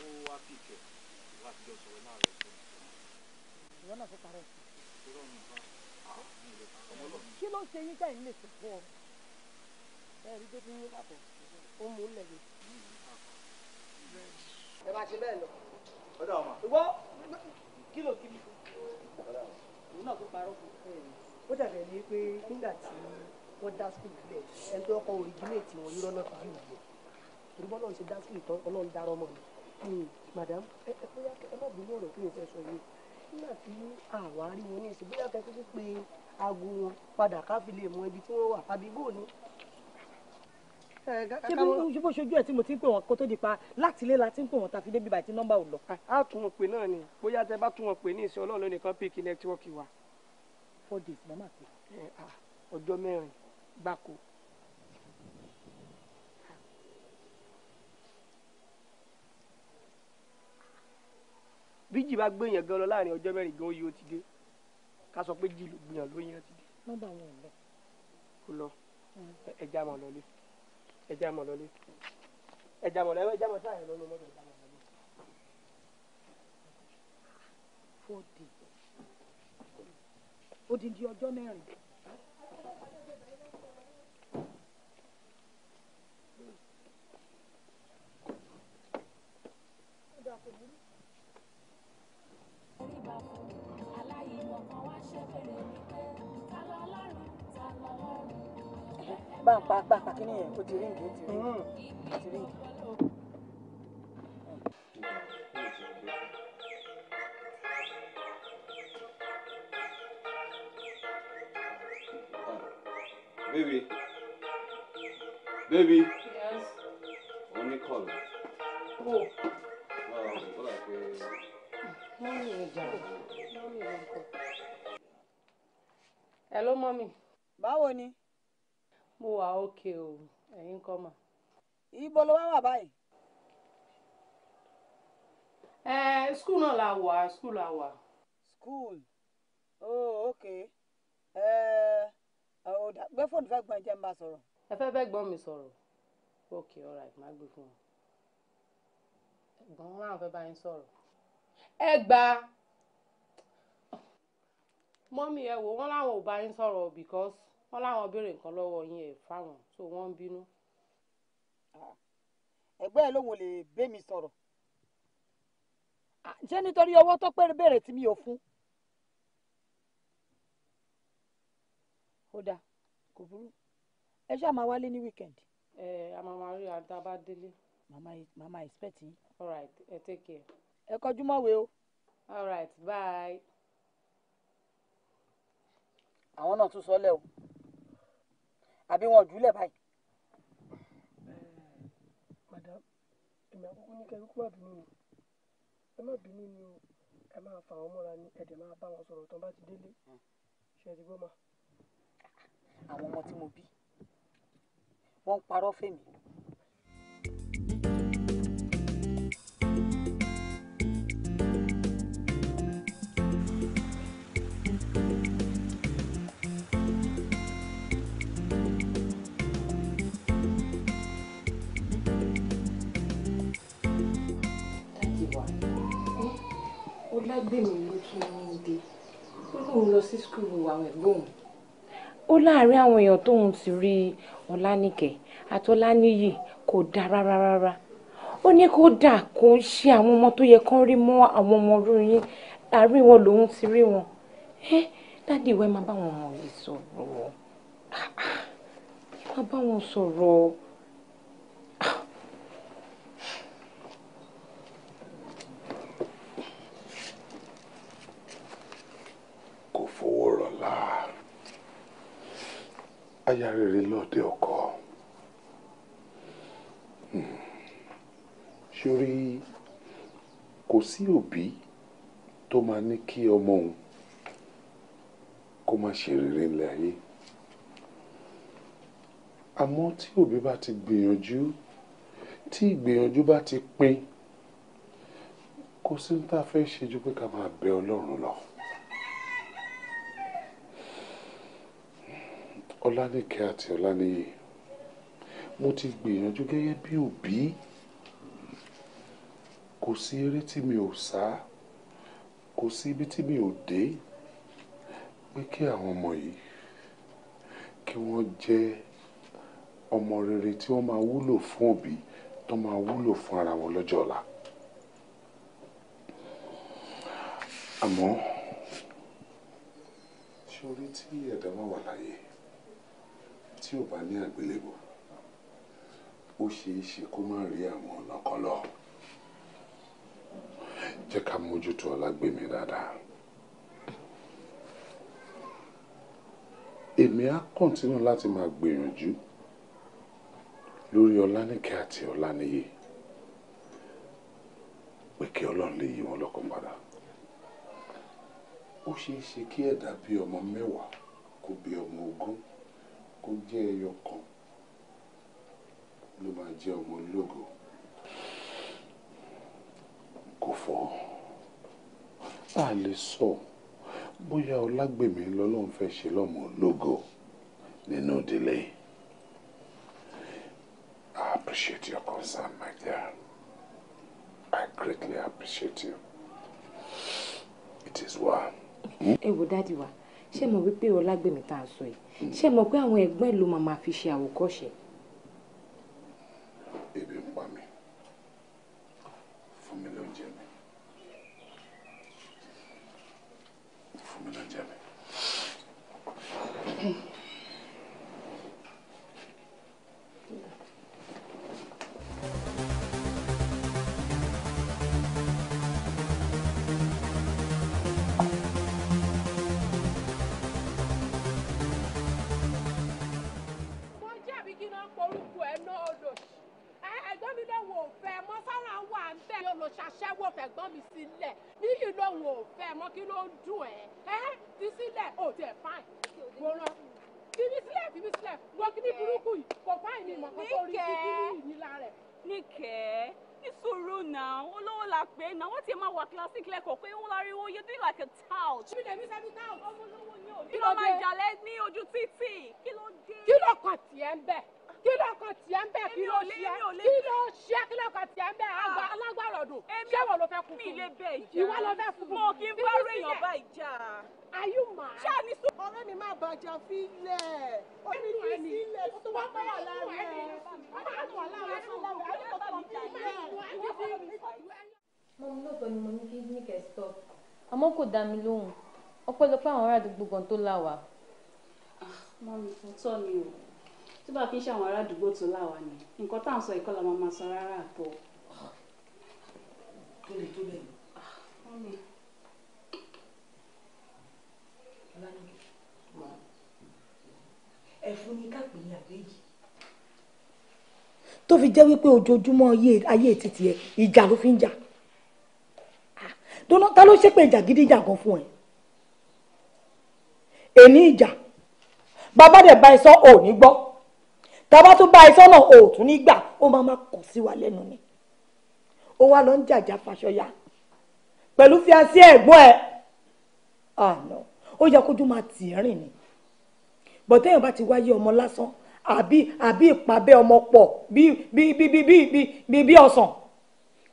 ó wá pìkẹ̀ láti jọ sọ̀rọ̀ náà rẹ̀ fún mi. ìwọ náà fẹ́ parẹ́. irọ́ kí ló ń ṣe yín káyìn lè sọ fún ọ ẹ rí tó fi ń ó mú lẹ́yìn. ẹ máa ṣe bẹ́ẹ̀ lọ. ọ̀dọ̀ ọmọ. ìwọ kí ló kí mi fún. òun náà tó parọ́ fún un. ó dàbẹ̀ ni pé nígbà tí wọ́n dá skul lẹ̀ ẹni tó kọ́ òrìjìnlẹ̀ tí wọ́n yúrọ́ náà fi yí ògbó torí bọ́lá ń ṣe dá skul tán ọlọ́run dárọ́ mọ́ ni. Mm, madam ẹ bóyá ẹ má bínú ọ̀rọ̀ tó yẹ fẹ́ sọ yìí nígbà tí àwárí wọn ní ìsìn bóyá kẹ́kẹ́ tún pé aago wọn padà ká fi lè mọ ibi tí wọ́n wà àbí bò ní. ṣé bó ṣojú ẹ tí mo ti ń pè wọn kó tó di pa láti ilé la ti ń pè wọn tàfi débi báyìí tí nọ́mbà ò lọ. a tún wọn pè náà ni bóyá tẹ bá tún wọn pè ní ìsìn ọlọ́run nìkan pé kí wa. four days mama pe. ọjọ́ mẹ́rin gbáko bí jì bá gbé yẹn gan lọ láàrin ọjọ́ mẹ́rin gan oyè ó ti dé ká sọ pé jì ló gbìyàn lóyún ó ti dé. nọ́mbà wọn ò lọ. kò lọ ẹja mọ lọlé ẹja mọ lọlé ẹja mọ lọlé ẹja mọ sáà yẹn lọlé mọtò ẹja mọ lọlé. fọ́ọ̀dì odindi ọjọ́ mẹ́rin. bá ń pa apá kínní yẹn ó ti ríǹgì ó ti ríǹgì mm. Baby, baby. Yes. Only call. Oh. Wow, what like? Mommy, mommy, uncle. Hello, mommy. Báwo ni? mo wà ok o ẹ̀yin kọ́ mà. ibo ló wá wà báyìí. ẹ skul náà la wà skul la wa. skul oh ok ẹ gbé fóònù fẹ́ gbọ́n jẹ́ n bá sọ̀rọ̀. ẹ fẹ́ fẹ́ gbọ́n mi sọ̀rọ̀ ok alright má gbé fún wọn ẹ̀gbọ́n wọn làwọn fẹ́ bá yín sọ̀rọ̀ ẹ gba mọ́mí ẹ wò wọ́n láwọn ò bá sọ̀rọ̀ because wọ́n láwọn béèrè nǹkan lọ́wọ́ yín ẹ̀ fáwọn tó wọ́n ń bínú. Ah, ẹ̀gbẹ́ ẹ̀ lóun lè bẹ́ mi sọ̀rọ̀ jẹ́ ah, nítorí owó tó péré béèrè tí mi ò fún. ó dáa kò burú ẹ ṣáà máa wálé ní weekend. ẹ a máa máa rí ata bá délé. màmá expect yín. all right ẹ take care. ẹ kọjú mọ́wé o. all right bye. àwọn náà tún sọ lẹ́ àbí wọn jùlẹ̀ báyìí. Eh, madam èmi àkókò ní kẹrin kó má bínú ni ẹ má bínú ni o ẹ máa fà wọn mọ́ra ni ẹ̀dẹ̀ máa bá wọn sọ̀rọ̀ tán bá ti délé ṣe é ti gbọ́ ma. àwọn ọmọ tí mo bí wọ́n ń parọ́ fèmí ọlágbèmí ló tún ń dé ó lóun lọ sí skulu àwọn ẹ̀gbọ́n òun ó láàárín àwọn èèyàn tóun ti rí ọlánìkẹ́ àtọláníyì kò dáa rárá rárá ó ní kó dà kó ń ṣe àwọn ọmọ tó yẹ kán rí mọ́ àwọn ọmọ ọdún yín àárín wọn lòun ti rí wọn ẹ dádì ìwẹ máa bá wọn ọmọ yìí sọ̀rọ̀ ah, ah, ẹ máa bá wọn sọ̀rọ̀. aya rere lọ́ọ̀dẹ ọkọ sórí hmm. kò sí òbí tó máa ní kí ọmọ òun kó má ṣe rere ńlẹ̀ ayé àmọ́ tí òbí bá ti gbìyànjú tí ìgbìyànjú bá ti pin kò sí ní tá a fẹ́ ṣe ju pé ká máa bẹ Ọlọ́run lọ. Lo. ọlánìkẹ́ àti ọláníyì mo ti gbìyànjú gẹ́gẹ́ bí òbí kò sí eré tí mi ò sá kò sí ibi tí mi ò dé pé kí àwọn ọmọ yìí kí wọ́n jẹ́ ọmọ rere tí wọ́n máa wúlò fún òbí tó máa wúlò fún ara wọn lọ́jọ́ ọ̀la. àmọ́ ṣé orí tí ẹ̀dá máa wà láyé? tí ò bá ní àgbélébò ó ṣeé ṣe kó má rí àwọn ọ̀nà kan lọ jẹ́ ká mójútó ọlágbèmí dáadáa. èmi á kọ̀ntínú láti máa gbìyànjú lórí ọlánìkẹ́ àti ọláníyè pé kí ọlọ́run lè yí wọn lọ́kàn padà ó ṣeé ṣe kí ẹ̀dá bí ọmọ mẹ́wàá kó bí ọmọ ogún kó jẹ́ ẹyọ ló máa jẹ́ ọmọ ológo kò fọ́ a lè sọ bóyá ọlágbèmí lọ́lọ́run fẹ́ ṣe lọ́mọ ológo nínú ìdílé I appreciate your concern my dear I greatly appreciate you it is well. Hmm? ẹ wo dádì wa ṣé mo wí pé ọlágbèmí tá a sọ yìí ṣé mọ̀ pé àwọn ẹ̀gbọ́n ẹ̀ ló máa máa fi ṣe àwòkọ́ṣe. ebi ń pa mí fún mi lóúnjẹ mi fún mi lóúnjẹ sílẹ̀ yóò lọ ṣaṣẹ́wó fẹ̀gbọ́n mi sílẹ̀ níyì lòun ò fẹ́ mọ́ kí ló ń dùn ẹ́ ẹ́ fi sílẹ̀ ò tẹ̀ fáìn gbọ́rọ̀ fi mi sílẹ̀ fi sílẹ̀ wọ́n kí ní burúkú yìí kò fáìn mi mọ̀ kó rí kíkú yìí lára ẹ̀. níkẹ́ ní sùúrù náà olówó la pé náà wọ́n ti máa wà classic lẹ́kọ̀ọ́ pé wọ́n lárí owó yẹn like a tout. ṣé mi lè mi sẹ́bi tout. ọmọ olówó ni ò kí ló máa jalè ní ojú títì kí ló dé. kí ló kàn tiẹ̀ ń bẹ̀ kí ló kọ tiẹ̀ ń bẹ̀ kí ló ṣe kí ló ṣe kí ló kọ tiẹ̀ ń bẹ̀ ah. alágbára ọ̀dùn ṣé wọ́n ló fẹ́ kú fún ìwọ ló fẹ́ kú fún mi kí n bá rẹ̀ yàn bá ìjà. ayú mà á. ṣáà ní sùn. mi máa bàjá fílẹ̀ ó ní kí n sílẹ̀ tó wá pẹ́ wà lára ẹ̀ wà lára fún lára ẹ̀ tó kọ̀ fílẹ̀. mo ní ọ̀pọ̀ ni mo ní kí ní kẹ́ stop àmọ́ kò dá mi lóhùn ọpẹ́lọpẹ́ àwọn ará àdúgbò gan tó là wá. Ah, mọ́mi kò tọ́ mi o tí bá kí n ṣe àwọn ará àdúgbò tó láwa ni nǹkan tá à ń sọ ìkọlà máa ma sọ rárá àpọ. tó lè tó bẹ́ẹ̀ ni. ẹ̀fún ni káàpì ní fi jẹ́ wípé ojoojúmọ́ ayé títì ẹ̀ ìjà ló fi ń jà ah, ta ló ṣépè ìjà gidi ìjà gan fún ẹ èní ìjà bàbá dẹ̀ bá ẹ sọ ò ní gbọ́ tábà tún bá iṣẹ́ náà ò tún ní gbà ó máa má kàn sí wa lẹ́nu ni ó wá lọ ń jàjà fàṣọyà pẹ̀lú fiancé ẹ̀gbọ́n ẹ̀ àná ah, ó yẹ kójú máa tì í rìn ni bọ̀tẹ́yìn bá ti wáyé ọmọ lásán àbí àbí ìpàbẹ́ ọmọ pọ̀ bí bí bí bí bí bí ọ̀sán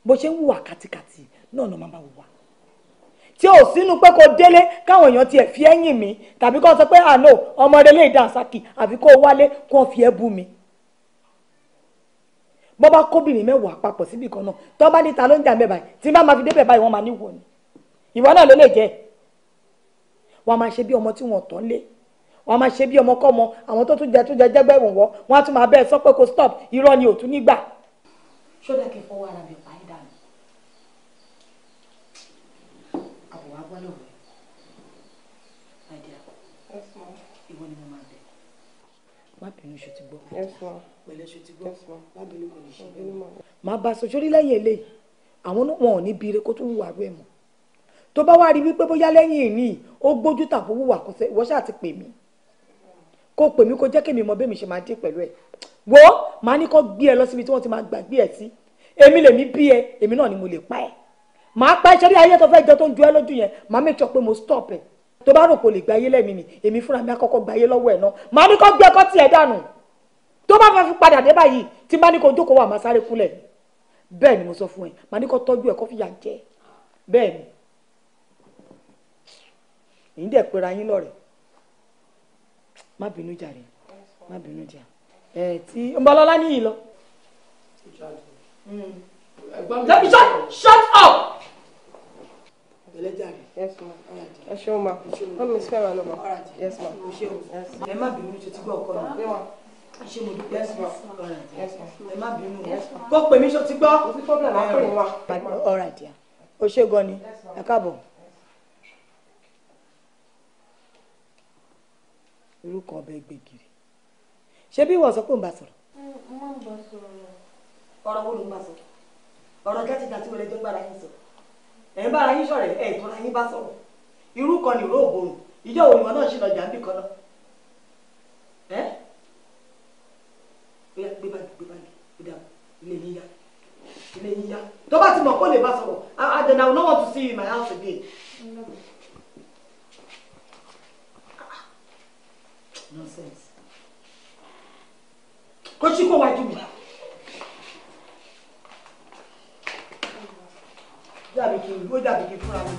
bó ṣe ń wùwà kàtìkàtì náà ló máa bá wùwà tí ò sínú pé kò délé káwọn èèyàn tiẹ̀ fi ẹ̀yìn mi tàbí kó sọ pé àná ah, ọmọdé lè dà sákì àbí kó wálé kó fi ẹ́ bú mi. bọ́ bá kóbìnrin mẹ́wàá papọ̀ síbì kan náà tọ́ bá níta ló ń jà mẹ́bàá tí bá máa fi débẹ̀ báyìí wọ́n máa níwò ni ìwọ náà ló lè jẹ́ wọ́n máa ṣe bí ọmọ tí wọ́n tọ́ lé wọ́n máa ṣe bí ọmọ kọ́mọ àwọn tó tún jẹ tó jẹ jẹ́gbẹ́ ìwọ̀n wọ́n á tún máa stop irọ́ ni òtún má bínú ṣe ti gbọ́ pẹ̀lẹ́ ṣe ti gbọ́ má bínú kò ní ṣe bẹ́ẹ̀ mọ́. màá bá aṣojú lẹ́yìn eléyìí àwọn náà wọn ò ní bire kó tún wù wàrú ẹ̀ mọ́ tó bá wá rí wípé bóyá lẹ́yìn ìní ó gbójú tàbó wùwà kọsẹ̀ ìwọ ṣáà ti pè mí kó pè mí kó jẹ́ kémi mọ bẹ́mi ṣe máa dín pẹ̀lú ẹ̀ wo màá ní kó gbé ẹ lọ síbi tí wọ́n ti máa gbàgbé ẹ sí èmi lèmi bí ẹ èmi náà ni mo lè pa ẹ màá pa ẹ ṣẹ́rí ayé tó fẹ́ jẹ tó ń ju ẹ lójú yẹn màá mẹ́tọ́ pé mo stop ẹ̀ tó bá rò kò lè gbáyé lẹ́mìí mi èmi fúnra mi àkọ́kọ́ gbáyé lọ́wọ́ ẹ̀ náà màá ní kó gbé ọkọ tiẹ̀ dànù tó bá fẹ́ fi padà dé báyìí tí bá ní kó jókòó wà máa sáré kúlẹ̀ bẹ́ẹ̀ ni mo sọ fún ẹ màá ní kó tọ́jú ẹ̀ kó fìyà jẹ bẹ́ẹ̀ ni èyí dẹ̀ pera yín lọ́rẹ̀ má bínú jàre má bínú jà ẹ tí Ọmọlọ́lá níyì lọ. Hmm. let me shut shut up ẹ ṣeun ma wọ́n mi fẹ́ wà lọ́mọ. ẹ má bínú ṣe tí gbọ́ ọkọ mi ṣe mo dúpẹ́ ẹ má bínú kó pè mí ṣe tí gbọ́. ọ̀rọ̀ àdìyà o ṣe gan ni ẹ káàbọ̀. irú kan ọbẹ̀ gbẹ̀gìrì ṣé bí ìwọ sọ pé ń bá sọ̀rọ̀. ọ̀rọ̀ wo ló ń bá sọ̀rọ̀ ọ̀rọ̀ kẹ́tìkàtì wọlé tó gbára yín sọ̀rọ̀. ẹ̀ ń sọrọ ara yín bá sọ̀rọ̀ irú kan nìró ògbòrò ìjọ òní náà ṣì lọ jà kan náà tó ti mọ̀ kó bá sọrọ want to see my house again. kó wájú mi. dàbí kí ó dàbí kí fúnra mi.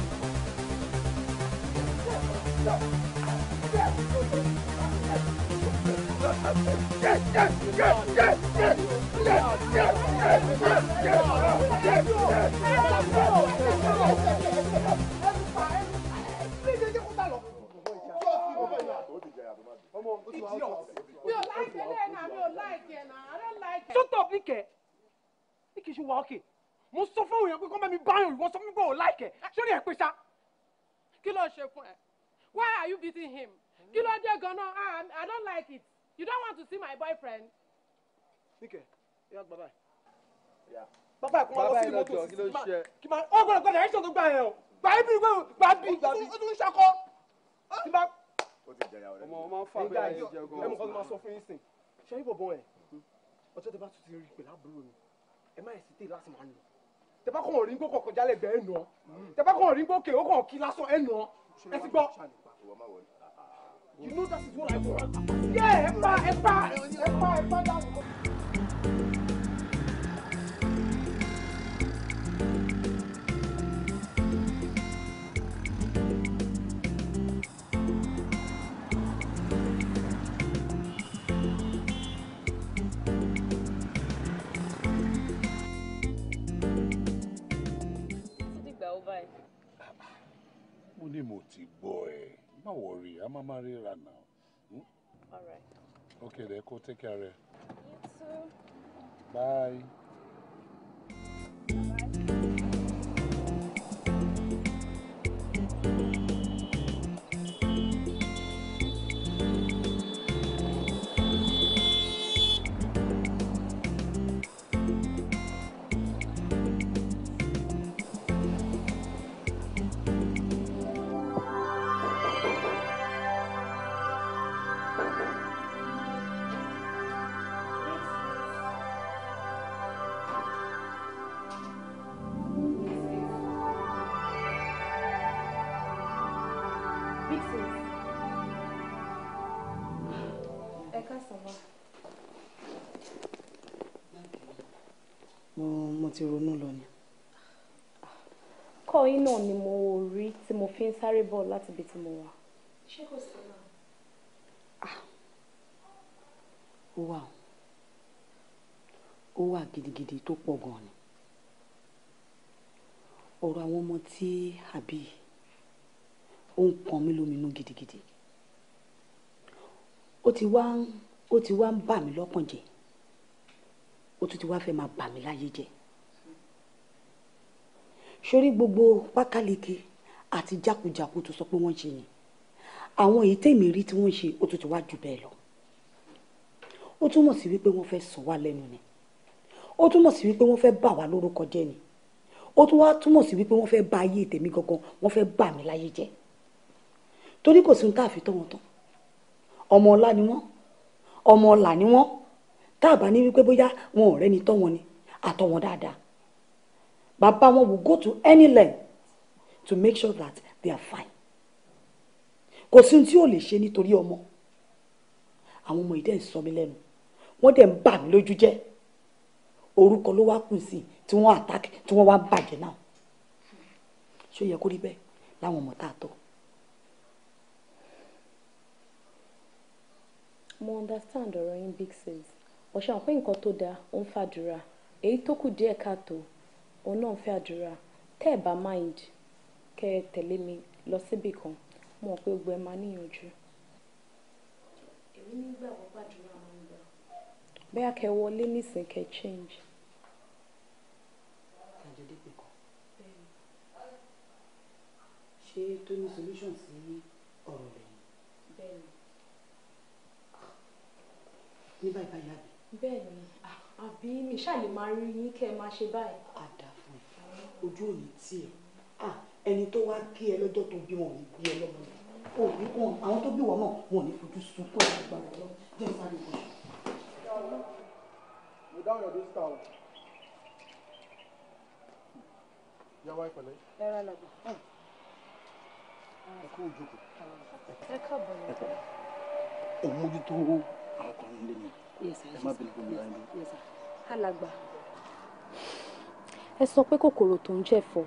Shut up, Nike. Nike, you walking mo sọ fún òyìnbó kọ́ mẹ́mi báyọ̀ ìwọ sọ fún mi pé ò láìkẹ̀ sórí ẹ̀ pé sa. kí ló ṣe fún ẹ why are you beating him kí ló dé ganan ah i don't like it you don't want to see my boyfriend. níkẹ́ ìyá bàbá ẹ̀. bàbá ẹ̀ kún wa wọ́n sí mọ́tò sí ma kí ma ọ́ gbọ́dọ̀ gbọ́dọ̀ ẹ̀ṣọ́ tó gbà yẹn o gbà á bí gbà á bí ó tún ṣakọ. Ah! ọmọ ọmọ ń fà bẹ́ẹ̀ ẹ̀ jẹ́ gan-an. ẹ̀ mú kọ́ ló máa sọ fún yín sìn ṣé ibò bọ́ ẹ̀ ọjọ́ tẹ bá tún ti rí pẹ̀lú àbúrò mi ẹ má ẹ̀ sì tè láti máa lò tẹ́fà kàn rí gbókò kan jálẹ̀ bẹ́ẹ̀ nù ọ́ tẹ́fà kàn rí gbókè ó kàn kí lásán ẹ̀ nù ọ́ ẹ ti gbọ́. you know that is what I want. yẹ́ ẹ pa ẹ pa ẹ pa ẹ pa ó ní mo ti gbọ́ ẹ̀ má wọrí a máa máa ríra náà. Hmm? all right. okay then kó take care. you too. bye. ti ronú lọ ni. kọ́ yín náà ni mo rí tí mo fi ń sáré bọ̀ láti ibi tí mo wà. ṣé kò sí náà. Ah, ó wà ó wà gidigidi tó pọ̀ gan-an ni ọ̀rọ̀ àwọn ọmọ tí àbí ó ń pọn mí lóminú gidigidi ó ti wá ó ti wá ń bà mí lọ́kàn jẹ́ ó tún ti wá fẹ́ máa bà mí láyé jẹ́ sórí gbogbo pákáleke àti jákujàku tó sọ pé wọ́n ṣe yẹn àwọn èyí tèmi rí tí wọ́n ṣe ó tún ti wá jù bẹ́ẹ̀ lọ ó túmọ̀ sí wípé wọ́n fẹ́ sọ wá lẹ́nu ni ó túmọ̀ sí wípé wọ́n fẹ́ bà wá lórúkọ jẹ́ ni ó tún wá túmọ̀ sí wípé wọ́n fẹ́ bà ayé tèmi gangan wọ́n fẹ́ bà mí láyé jẹ́ torí kò sí ohun tá wọn tán ọmọ ọlá ni wọ́n ọmọ ọlà ni wọ́n tá a bá ní wípé bóyá wọn ò rẹ́ni tọ́ wọn ni àtọ́ wọn dáadáa Baba wọn will go to any length to make sure that they are fine kò sí tí ò lè ṣe nítorí ọmọ àwọn ọmọ yìí dẹ̀ ń sọ mí lẹ́nu wọ́n dẹ̀ ń bà mí lójú jẹ́ orúkọ ló wá kù sí tí wọ́n attack tí wọ́n wá bàjẹ́ náà ṣó yẹ kó rí bẹ́ẹ̀ láwọn ọmọ tá a tọ́. mo understand ọ̀rọ̀ yín big sis ọ̀ṣà pé nǹkan tó dáa ó ń fàdúrà èyí tó kù díẹ̀ káàtó òun náà fẹ́ àdúrà tẹ́ ẹ̀ bá mind kẹ́ ẹ tẹ̀lé mi lọ síbì kan mo mọ̀ pé gbogbo ẹ máa níyànjú. èmi nígbà wọ́n gbàdúrà máa ń gbà. bẹ́ẹ̀ kẹ́ ẹ wọlé nísìnyí kẹ́ ẹ change. tàjọ dé pé kọ́. ṣé tó ní solution sí ọ̀rọ̀ rẹ̀ yìí. bẹ́ẹ̀ni. ní báyìí báyìí àbí. bẹ́ẹ̀ni ah, àbí mi ṣáà lè máa rí yín kẹ́ ẹ máa ṣe báyìí ojú òní tì ẹ ẹni tó wá kí ẹ lọ́jọ́ tó bí wọn ò ní bí ẹ lọ́mọ òní wọn àwọn tó bí wọn náà wọn ò ní fojú sunkún ẹ̀ gbàgbọ́ lọ jẹ́ sáré kọ́. mo dáhùn ọdún síta o. yàwá ìpẹ̀lẹ́. ẹ rà lọ́gbọ̀n. ẹ kú ìjókòó. ẹ káàbọ̀ lọ. òun àwọn ọkùnrin lé ni ẹ má bẹ̀rẹ̀ kó mi láyé. alàgbà ẹ sọ pé kòkòrò tó ń jẹ̀fọ́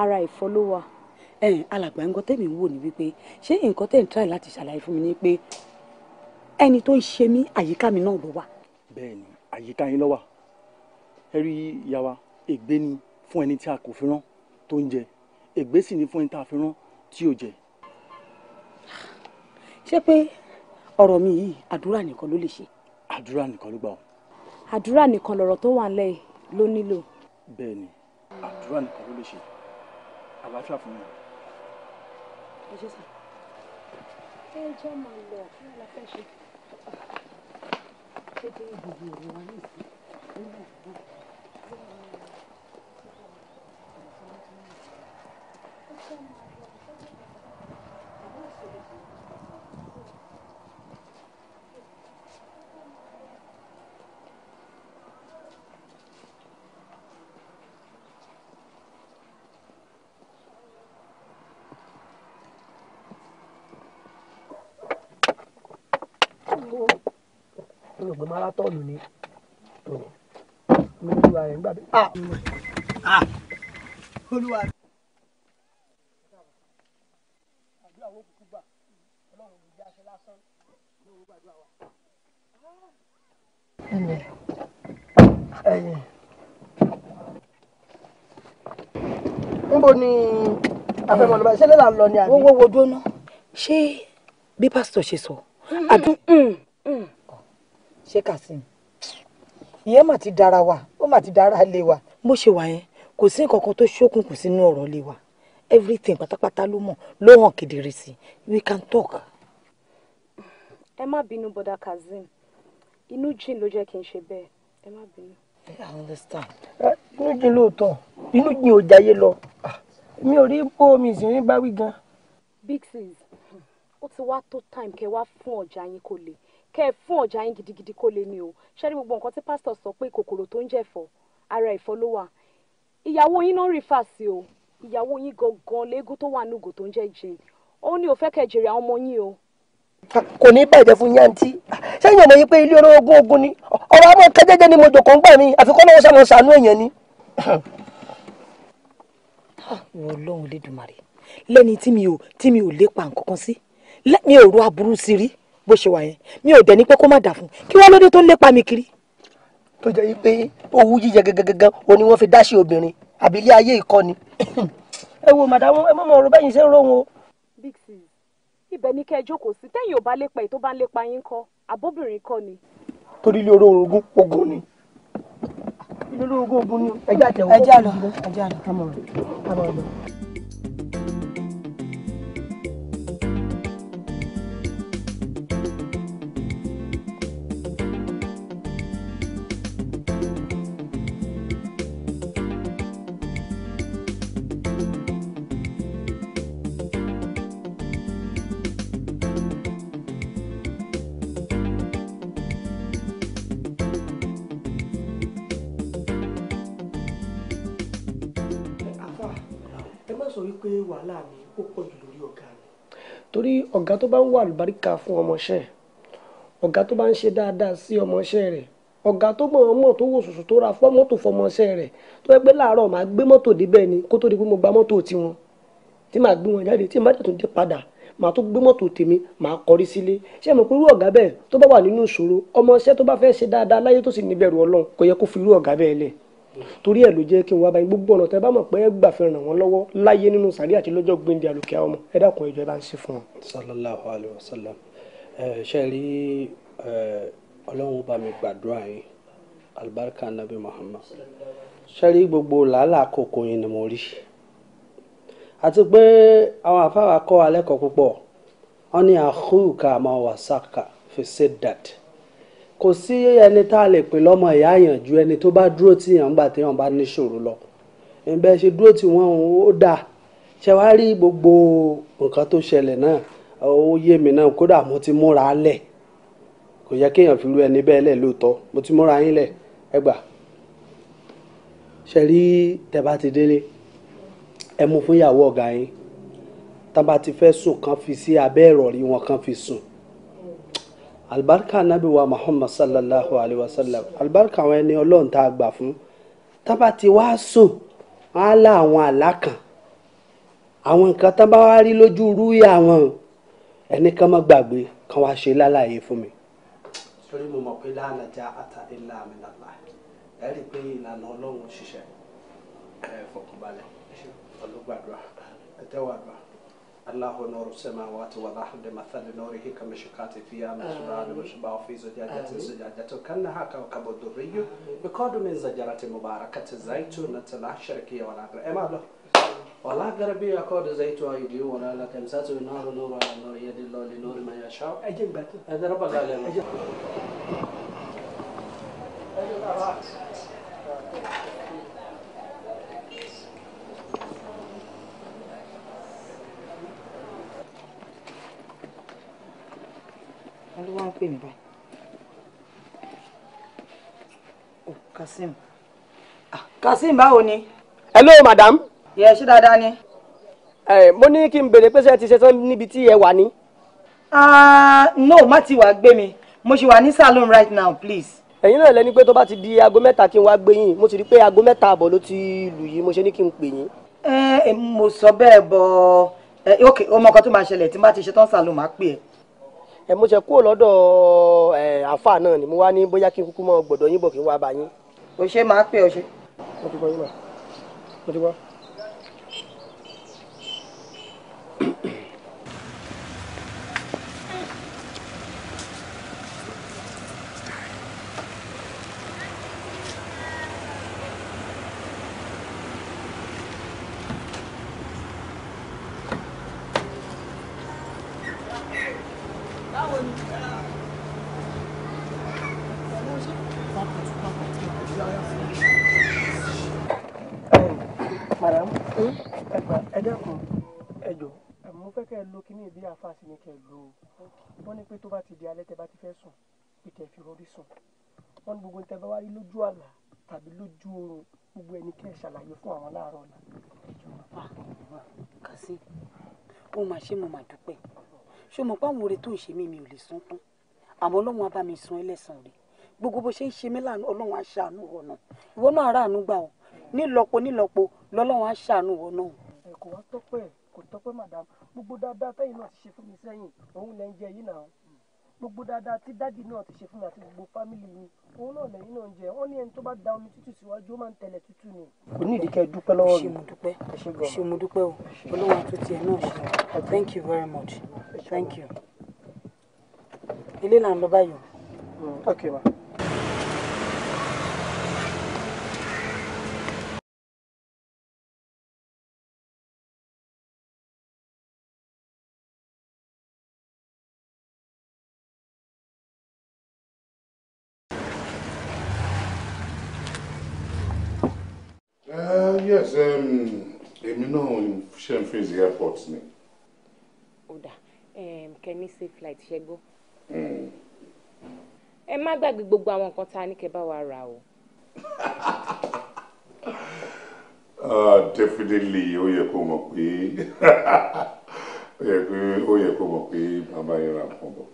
ara ẹ̀fọ́ ló wà. ẹ ẹ alàgbà nǹkan tẹ́mi ń wò ní wípé ṣé nǹkan tẹ́ ń tíráì láti ṣàlàyé fún mi ni pé ẹni tó ń ṣe mí àyíká mi náà ló wà. bẹ́ẹ̀ni àyíká yín ló ẹ rí ìyá wa ègbé ni fún ẹni tí a kò fi rán tó ń jẹ ègbé sì ni fún ẹni tá a fi rán tí ò jẹ. ṣé pé ọ̀rọ̀ mi yìí àdúrà nìkan ló lè ṣe. àdúrà nìkan ló gbà ọ́. àdúrà nìkan lọ̀rọ̀ tó wà ńlẹ̀ ló nílò bẹ́ẹ̀ ni àdúrà nìkan ló lè ṣe àlàáfíà fún mi. ẹ ṣe sà ẹ jẹ́ máa lọ kí wọ́n la fẹ́ ṣe ṣé dé ìdìbò ìrìn Thank you. tó rò pé márátọ́ọ̀nù ni tó mi olúwa rẹ̀ ń gbàdúrà. Ah. Ah. olúwa rẹ̀. ni afẹmọlọba ìṣẹ̀lẹ̀ là ń lọ ni àbí. wo wo wo dúró ná ṣé bí pásítọ̀ ṣe sọ. Hmm. Hmm ṣé Kasim ìyẹn mà ti dára wa ó mà ti dára lé wa bó ṣe wà yẹn kò sí nǹkan tó ṣókùnkùn sínú ọ̀rọ̀ lé wa everything pátápátá ló mọ̀ ló hàn kedere sí we can talk. ẹ má bínú bọ́dà Kazeem inú jìn ló jẹ́ kí n ṣe bẹ́ẹ̀ ẹ má bínú. I understand. inú jìn lóòótọ́ inú jìn ò jáyé lọ ah, mi ò rí bó omi ìsìn bá wí gan. big sis ó ti wá tó time kẹ wá fún ọjà yín kó le kẹ́ ẹ fún ọjà yín gidigidi kó lè ní o ṣé ní gbogbo nǹkan tí pásítọ̀ sọ pé kòkòrò tó ń jẹ̀fọ́ ara ẹ̀fọ́ ló wà ìyàwó yín náà rìfà sí o ìyàwó yín gangan léegun tó wà nùgò tó ń jẹ́ jìn ó ní òfẹ́ kẹjìrì àwọn ọmọ yín o. kò ní bàjẹ́ fún yántí sẹ́yìn ọ̀nà yìí pé ilé olórogún ogun ni ọ̀rọ̀ àwọn kẹ́jẹ́jẹ́ ni mo jòkó ń gbà mí àfikún náà sàmọ̀ sànú èèyàn ni. wọ́n lóhun lè dùn màrí lẹ́ni tí mi ò tí mi ò lépa nǹkan kan sí mi ò aburú sí rí bó ṣe wà yẹn mi ò dẹ̀ ní pé kó má dà fún kí wọ́n lóde tó ń lépa mi kiri. tó jẹ́ yí pé owó jíjẹ gẹ́gẹ́gẹ́gẹ́ o ni wọ́n fi dáṣe obìnrin àbí ilé ayé ìkọ́ni. *coughs* ẹ wo màdàmú ẹ mọ̀ ọ̀rọ̀ bẹ́yìn ṣe ń róhun o. big sis ibẹ̀ ni kẹ́ ẹ jókòó sí tẹ́yìn ò bá lépa èyí tó bá ń lépa yín kọ́ àbóbìnrin kọ́ ni. torí ilé oró ogun ni ilé oró ogun ni ẹjẹ ó pọ̀ jù lórí ọ̀gá mi. torí ọ̀gá tó bá ń wà àlùbáríkà fún ọmọọṣẹ́ ọ̀gá tó bá ń ṣe dáadáa sí ọmọọṣẹ́ rẹ̀ ọ̀gá tó mọ̀ ọmọ tó wò sùsù tó ra fọ́ mọ́tò fọmọọṣẹ́ rẹ̀ tó yẹ pé láàárọ̀ máa gbé mọ́tò débẹ̀ ni kó tó di pé mo gba mọ́tò tiwọn tí màá gbé wọn jáde tí màá dẹ̀ tún dé padà màá tún gbé mọ́tò tèmi màá kọrí sílé ṣé mo pé irú ọ̀gá bẹ́ẹ̀ tó bá wà nínú ìṣòro ọmọọṣẹ́ tó bá fẹ́ ṣe dáadáa láyé tó sì níbẹ̀rù Ọlọ́run kò yẹ kó fi irú ọ̀gá bẹ́ẹ̀ lẹ̀ torí ẹ̀ ló jẹ́ kí n wá báyìí gbogbo ọ̀nà tẹ́ bá mọ̀ pé ẹ gbàfẹ́ ràn wọ́n lọ́wọ́ láyé nínú sàrí àti lọ́jọ́ gbẹ̀ndẹ̀ àlùkẹ́ ọmọ ẹ dákun ìjọ ẹ bá ń ṣe fún wọn. sallallahu alayhi wa sallam ṣe rí ọlọ́run bá mi gbàdúrà yín alibarika nabi muhammad ṣe rí gbogbo làálàá kòkó yín ni mo rí àti pé àwọn àfáà kọ́ alẹ́kọ̀ọ́ púpọ̀ wọ́n ní àkúùkà àmọ́ wàsáàkà fi ṣe dàdí kò sí ẹni tá a lè pè lọ́mọ ìyá yàn ju ẹni tó bá dúró tì yàn ńgbà téèyàn bá níṣòro lọ ẹ̀ńbẹ́ ṣe dúró tì wọ́n ó dáa ṣe wá rí gbogbo nǹkan tó ṣẹlẹ̀ náà ó yé mi náà kódà mo ti múra lẹ̀ kò yẹ kéèyàn fi ru ẹni bẹ́ẹ̀ lẹ̀ lóòótọ́ mo ti múra yín lẹ̀ ẹ gbà ṣe rí tẹ́ bá ti délé ẹ mú fún ìyàwó ọ̀gá yín tá bá ti fẹ́ sùn kan fi sí abẹ́ ìrọ̀rí wọn kan fi sùn alibarika anabi wa muhammad sallallahu alayhi wa sallam alibarika àwọn ẹni ọlọ́run tá a gbà fún tábà ti wá sùn wọn á lá àwọn àlá kan àwọn nǹkan tá wá rí lójú rúyà wọn ẹnìkan má gbàgbé kan wá ṣe lálàyé fún mi. sori mo mọ̀ pé lánàá já àtàdé láàmì nàlá ẹ rí i pé ìlànà ọlọ́run ṣiṣẹ́ ẹ fọkànbalẹ̀ ọlọ́gbàdúrà ẹ tẹ́wàá àdúrà. الله نور السماوات والأرض مثل نوره كمشكاة فيها مصباح المصباح في زجاجة زجاجة كأنها كوكب الدري يقاد من زجرة مباركة زيتون تلا شركية ولا غير والله قربي يقود زيت يديو ولا لا تمسات النار نور على نور يد الله لنور ما يشاء أجل هذا رب العالمين أجل wọn ló wá ń pè mí báyìí o Kasim ah Kasim báwo ni. hello madam. yẹ ṣé dáadáa ni. ẹ mo ní kí n béèrè pé ṣé ẹ ti ṣe tán níbi tí ẹ wà ní. Ah, no má ti wàá gbé mi mo ṣì wà ní salon right now please. ẹ̀yin náà lẹ́ni pé tó bá ti di aago mẹ́ta kí n wá gbé yín mo ti rí i pé aago mẹ́ta àbọ̀ ló ti lù yín mo ṣe ní kí n pè yín. ẹ eh, mo sọ bẹ́ẹ̀ bọ̀ eh, ok ọmọ kan tó máa ṣẹlẹ̀ tí n bá ti ṣe tán salon máa pè é ẹ mo ṣe kúrò lọ́dọ̀ ẹ àáfàá náà ni mo wá ní bóyá kí n kúkú mọ gbọ́dọ̀ yín bọ̀ kí n wá bá yín. o ṣe máa pè ọ ṣe. mo ti gbọ́ yín mà mo ti gbọ́. ṣàlàyé fún àwọn láàárọ̀ ọ̀la. kà sí ó máa ṣe mo máa dúpẹ́ ṣé mo páwọn oore tó ń ṣe mí mi ò lè san tán àmọ́ ọlọ́run á bá mi san ẹlẹ́san rẹ̀ gbogbo bó ṣe ń ṣe mí láàánú ọlọ́run á ṣàánú wọn náà ìwọ náà ráàánú gbà ọ nílọ́po nílọ́po lọ́lọ́run á wọn náà. ẹ kò wá tọ́pẹ́ kò tọ́pẹ́ madam gbogbo dáadáa tẹ́yìn náà ti ṣe fún mi sẹ́yìn òun lẹ́ ń jẹ yìí náà gbogbo dáadáa tí dáàdì náà ti ṣe fún mi àti gbogbo fámìlì mi òun náà lẹ́yìn náà ń jẹ wọ́n ní ẹni tó bá da omi tútù síwájú ó máa ń tẹ̀lẹ̀ tútù ni. kò ní ìdíkẹ́ dúpẹ́ lọ́wọ́ mi. ṣé mo dúpẹ́ o olówó àtúntì ẹ̀ náà ṣe thank you very much thank you. ilé là ń lọ báyìí. ok ma. Well. yes um, èmi náà ṣe ń face airport ni. ó dà kẹ́ni safe flight ṣe gbọ́. Hmm. ẹ má gbàgbé gbogbo àwọn nǹkan tá a ní kẹ́ bá wa rà o. *laughs* Ah, definitely ó yẹ kó mọ̀ pé *laughs* ó yẹ kó mọ̀ pé bàbá yẹn ra nǹkan bọ̀.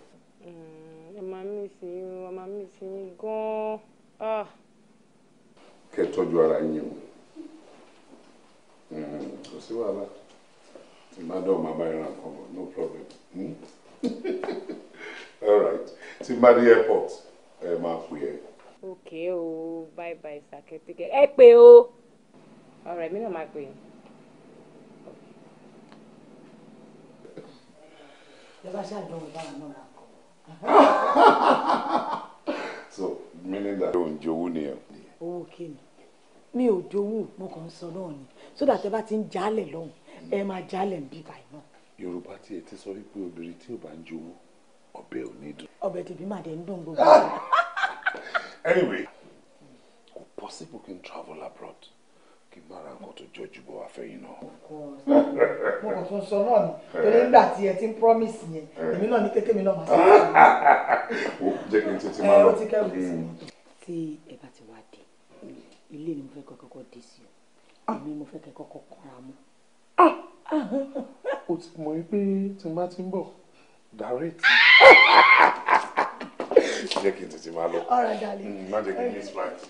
Hmm, ẹ máa mí sí i ẹ máa mí sí i gan-an. Ah. kẹ́ tọ́jú ara yín o sí wàhálà tí má dọ̀ má bá ìran kan bọ̀ no problem hmm? *laughs* all right tí má airport ẹ máa pè Okay, oh, bye bye sàkẹ́tẹ́kẹ́ ẹ pé o ọ̀rẹ́ mi me no pè é. *laughs* so meaning that don't join jowú nìyẹn. owó mi ò jowú mo kàn ń sọ náà ni sódà tẹ bá ti ń jálẹ̀ lọ́hùn ẹ máa jálẹ̀ ń bí báyìí náà. yorùbá tí ẹ ti sọ wípé obìnrin tí ò bá ń jowú ọbẹ̀ ò ní dùn. ọbẹ̀ tèmi mà dé ń dùn gbogbo. anyway kò possible kí n travel abroad kí n má ra nǹkan tó jọ jù bọ́ afẹ́yìn náà. mo kàn tún sọ náà ni torí nígbà tí ẹ ti ń promise yẹn èmi náà ní kékeré náà máa sọ. *laughs* jẹ́ kí n tún máa lọ. ẹ ó ti kẹ́rù sí mi. Hmm. tí ẹ bá ilé ni mo fẹ́ kọ́kọ́ dé sí o ah. èmi mo fẹ́ kẹ́kọ́ kọ́ra mọ́. Ah. *laughs* o ti mọ̀ wípé tí n bá ti ń bọ̀ direct. *laughs* jẹ́ kí n tètè máa lọ mm, má jẹ́ kí n miss flight. *laughs*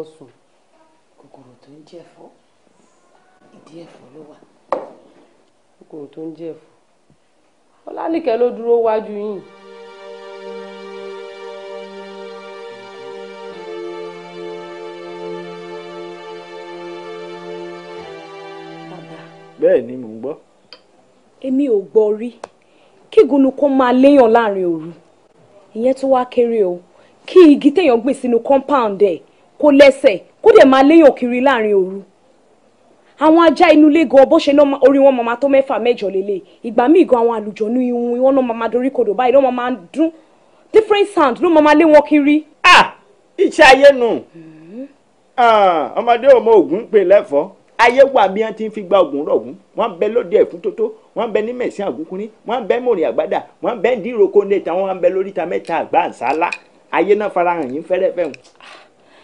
lọ sùn kòkòrò tó ń jẹ̀fọ́ ìdí ẹ̀fọ́ ló wà kòkòrò tó ń jẹ̀fọ́ ọlálìkẹ́ ló dúró wájú yìí. bẹ́ẹ̀ ni mò ń gbọ́. èmi ò gbọ́ rí kí gunukun máa léèyàn láàrin òru ìyẹn tó wá kéré o kí igi téèyàn gbìn sínú compound ẹ̀ kò lẹ́sẹ̀ kó dẹ̀ máa léyàn kiri láàrin òru àwọn ajá inú ilé gan bó ṣe náà orí wọn máa tó mẹ́fà mẹ́jọ lélẹ̀ ìgbà míì gan àwọn àlùjọ̀nú ihun wọn náà máa dorí kodò báyìí ló máa dún different sound ló máa lé wọn kiri. ah iṣẹ́ ayé nù ọmọdé ọmọ ògún pè lẹ́fọ̀ọ́ ayé wà bí wọn ti ń fi gba ògùn rọgùn wọn bẹ lóde ẹkún tótó wọn bẹ ní mẹsìn àgúnkúnrí wọn bẹ mòrìn àgbàdà wọn bẹ dín ìrókò ní ìta wọn bẹ lóríta mẹ́ta àgbà nsálà ayé náà farahàn yín fẹ́rẹ́fẹ́ hàn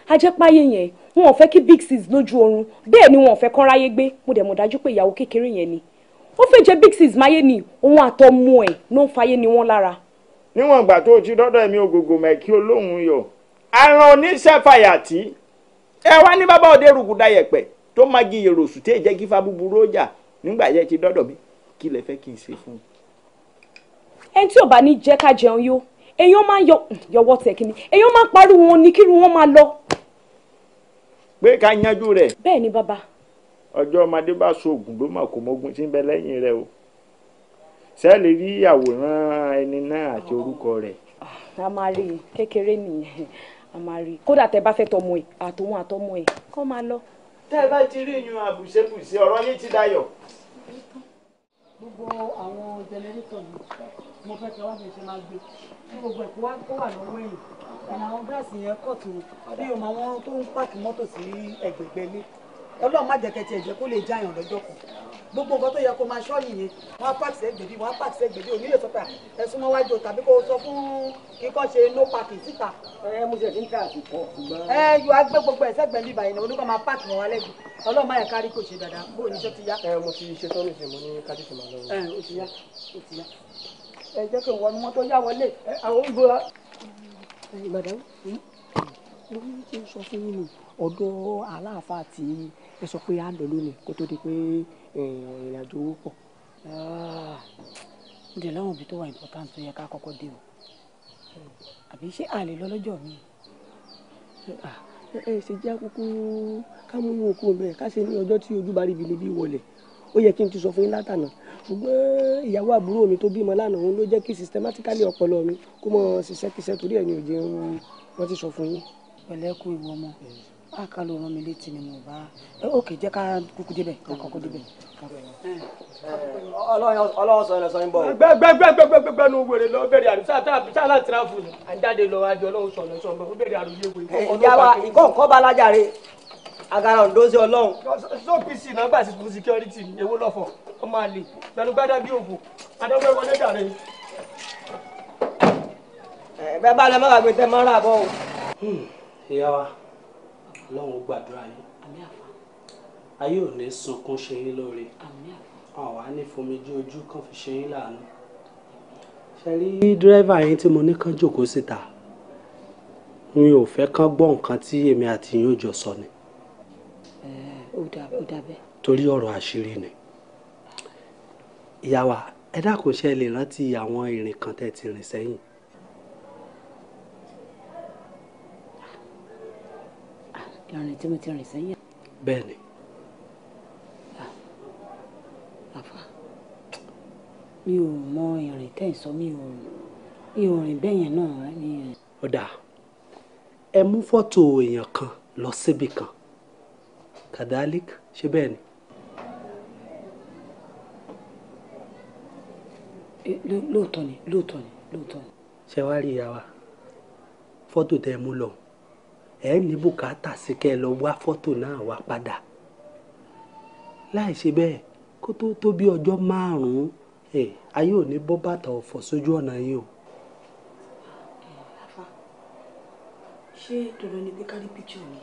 ajẹ́páyé yẹn wọn ò fẹ́ kí big six lójú oorun bẹ́ẹ̀ ni wọn ò fẹ́ kán ráyé gbé mo dẹ̀ mọ̀ dájú pé ìyàwó kékeré yẹn ni ó fẹ́ jẹ́ big six máyé ni òun àtọmọ ẹ̀ ló ń fayé ni wọ́n lára. níwọ̀n ìgbà tó o ti dọ́dọ̀ ẹ̀mí ògògò mẹ́kí olóhùn yọ àrùn oníṣẹ́ fàyàtì ẹ wá ní bàbá òde rògùdà yẹ̀pẹ̀ tó má gi èrò sùn tí èjẹ́ kí fa búburú ó nígbà yẹn ti dọ́dọ̀ mi kí lẹ fẹ́ kí n ṣe fún un. ẹni tí ò bá ní jẹ́ ká jẹun yó èèyàn máa ń yọwọ́ tẹ̀ kí èèyàn máa ń pariwo wọn ni kírun wọn máa lọ pé ká yanjú rẹ̀. bẹ́ẹ̀ ni bàbá. ọjọ́ ọmọdé bá so oògùn ló mọ̀ kó mógún tí ń bẹ lẹ́yìn rẹ̀ o sẹ́ẹ̀lì rí àwòrán ẹni náà àti orúkọ rẹ̀. Ah, a máa rí i kékeré nìyẹn a máa rí i kódà tẹ bá fẹ́ tọmọ ẹ àtòun àtọmọ ẹ kọ́ máa lọ. tẹ́ ẹ bá ti rí iyun àbùṣebùṣe ọ̀rọ̀ yín ti dayọ̀. gbogbo àwọn jẹnẹrétọ̀ yìí mo fẹ́ kí wá bẹ̀rẹ̀ ṣe máa gbé kí gbogbo ẹ̀kọ́ wá kó wà lọ́wọ́ ẹ̀yìn ìnà àwọn gíláàsì yẹn kọ̀ tó bí o mọ àwọn tó ń pààkì mọ́tò sí ẹ̀gbẹ̀gbẹ̀ lé ọlọ́run má jẹ́ kẹtì ẹ̀jẹ̀ kó lè jáyàn lọ́jọ́ kan gbogbo nǹkan tó yẹ kó máa ṣọ́ọ̀yìn yẹn wọ́n á pààkì sẹ́gbẹ̀bí wọ́n á pààkì sẹ́gbẹ̀bí òní lè sọ pé ẹ̀sùn mọ́ wájú tàbí kó o sọ fún kíkọ́ ṣe no parking síta. ẹ mo ṣe ti ń ká àtúkọ. ẹ yóò á gbé gbogbo ẹ̀sẹ̀ gbẹ̀mí ìbàyẹn náà oníkọ́ máa pààkì wọn wálẹ̀ jù ọlọ́run má yẹ kárí kò ṣe dáadáa bó oníṣẹ́ ti yá. ẹ mo ti ṣetán nìṣẹ́ mo ní kájú ti máa lọ. ẹ o ti yá o ti yá ẹ jẹ́ kí n wọnú mọ́tò yá wọlé àwọn ń bọ́ra. madam hmm? mo ní kí n sọ fún yín ni ọ̀dọ̀ aláàfáà tí ẹ sọ pé á lọ lónìí kó tó di pé ìrìn àjò owó pọ̀. Ah, mo dẹ̀ láwọn òbí tó wà important tó yẹ ká kọ́kọ́ dé o àbí ṣé àlè lọ́lọ́jọ́ mi ah, ẹ ṣe jẹ́ kúkú ká mú òkú bẹ́ẹ̀ ká ṣe ní ọjọ́ tí ojú bá rí ibi níbí wọlé ó yẹ kí n ti sọ fún yín látànà ṣùgbọ́n ìyàwó àbúrò mi tó bímọ lánàá òun ló jẹ́ kí systematically ọpọlọ mi kó mọ ṣiṣẹ́kíṣẹ́ torí ẹ̀ ní òjì wọn ti sọ fún yín. pẹ̀lẹ́ kú ìwọ ọmọ àká ló rán mi létí ni mo bá òkè jẹ́ ká kúkú débẹ̀ ká kọ́kọ́ débẹ̀. ọlọ́run sọ ẹ̀rọ sọ ń bọ̀. gbẹgbẹgbẹgbẹgbẹ nu wèrè lọ bẹ̀rẹ̀ àrùn sáà láti ráfù ni àjáde lọ adé ọlọ́run sọ ẹ̀rọ sọ ń bọ̀ bẹ̀rẹ̀ àrùn yé wèrè. ìyá wa ìkọ̀ǹkọ̀ bá lájà re agara ondo sí ọlọ́run. so pc náà gbà sí fún security ewu lọ́fọ̀ ọmọ àlè pẹ̀lú gbádá bí òfò adọ́gbẹ́ wọlé dàrẹ́. bẹ́ẹ̀ bá lọ mọ́ra gbẹ̀tẹ̀ mọ́ra bọ́ o. Hmm, ìyá wa ọlọ́run gbàdúrà yín ayé ò ní sunkún ṣe yín lóore àwa ní fomijú ojú kan fi ṣe yín láàánú. ṣe rí dírẹ́fà yín tí mo ní kán jòkó síta mi ò fẹ́ kán gbọ́ nǹkan tí èmi àti yín ò jọ sọ ni torí ọ̀rọ̀ àṣírí ni ìyá wa ẹ dákun ṣe lè rántí àwọn ìrìn kan tẹ́ ti rìn sẹ́yìn. ìrìn tí mo ti rìn sẹ́yìn. bẹ́ẹ̀ ni. àfa mi ò mọ ìrìn tẹ́ ẹ̀ sọ mi ò mi ò rìn bẹ́ẹ̀ yẹn náà. ọ̀dà ẹ mú fọ́tò èèyàn kan lọ síbì kan kadalik ṣe bẹ́ẹ̀ ni. lóòótọ́ ni lóòótọ́ ni lóòótọ́ ni. ṣé wàá rí ìyá wa fọ́tò tẹ́ ẹ mú lọ ẹ ní bùkátà sí kẹ́ ẹ lọ wá fọ́tò náà wá padà láì ṣe bẹ́ẹ̀ kó tó tó bí ọjọ́ márùn-ún ayé ò ní bọ́ bàtà ọ̀fọ̀ sójú ọ̀nà yìí o. ṣé dandan ni pé ká rí picture ni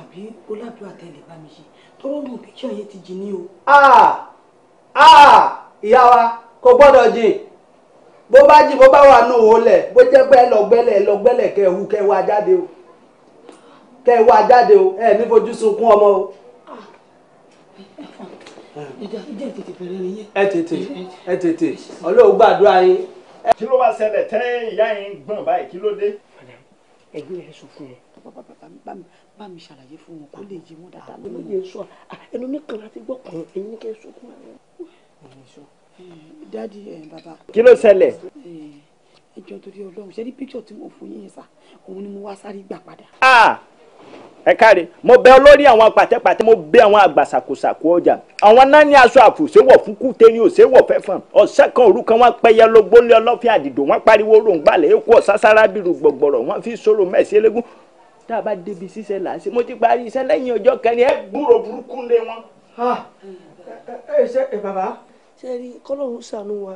àbí ó lábẹ́ àtẹ̀lé bá mi ṣe tọ́rọ́ mú picture yẹn ti jìn ní o. ìyá wa kò gbọ́dọ̀ jìn bó bá jìn bó bá wà nù ó lẹ̀ bó jẹ́ pé ẹlọgbẹ́lẹ̀ ẹlọgbẹ́lẹ̀ kẹ́ ẹ̀hú kẹ́ ẹ wá jáde o kẹ́ ẹ wá jáde o ẹ̀ ní fojú sunkún ọmọ o ẹ tètè ẹ tètè ọlọ́run gbàdúrà yín. kí ló wá ṣẹlẹ̀ tẹ́ ìyá yín gbọ̀n báyìí kí ló dé ẹgbẹ́ rẹ̀ sọ fún wọn. bá mi ṣàlàyé fún wọn kó lè yé wọn dáadáa lónìí. àwọn èèyàn sọ ẹnu mi kan láti gbọ́ kan ẹ̀yin kẹ́ sọ fún wọn. dádì bàbá. kí ló ṣẹlẹ̀. ẹ jọ torí Ọlọ́run ṣe ní píkṣọ tí mo fún yín sá òun ni mo wá sáré gbà padà. Ah! ẹ káre mo bẹ olórí àwọn pàtẹ́pàtẹ́ mo bẹ àwọn àgbàsàkòsàkò ọjà àwọn náà ní aṣọ àfòsẹ́wọ̀ fúnkú tẹ́yìn òṣèwọ̀ fẹ́fọ̀n ọ̀sẹ̀ kan òru kan wọ́n pẹ́yẹ lọ́gbọ́nlé ọlọ́fẹ́ àdìdò wọ́n pariwo ròǹgbàlẹ̀ èkó ọ̀sására bírù gbọ̀gbọ̀rọ̀ wọ́n fi sọ̀rọ̀ mẹ́sì elégún tá a bá débi ṣiṣẹ́ là á ṣe mo ti parí iṣẹ́ lẹ́yìn ọjọ́ kẹrin ẹ gbúrò burúkú lé wọn. ẹ ẹ ṣe bàbá. ṣe rí kọ́lọ́run ṣàánú wa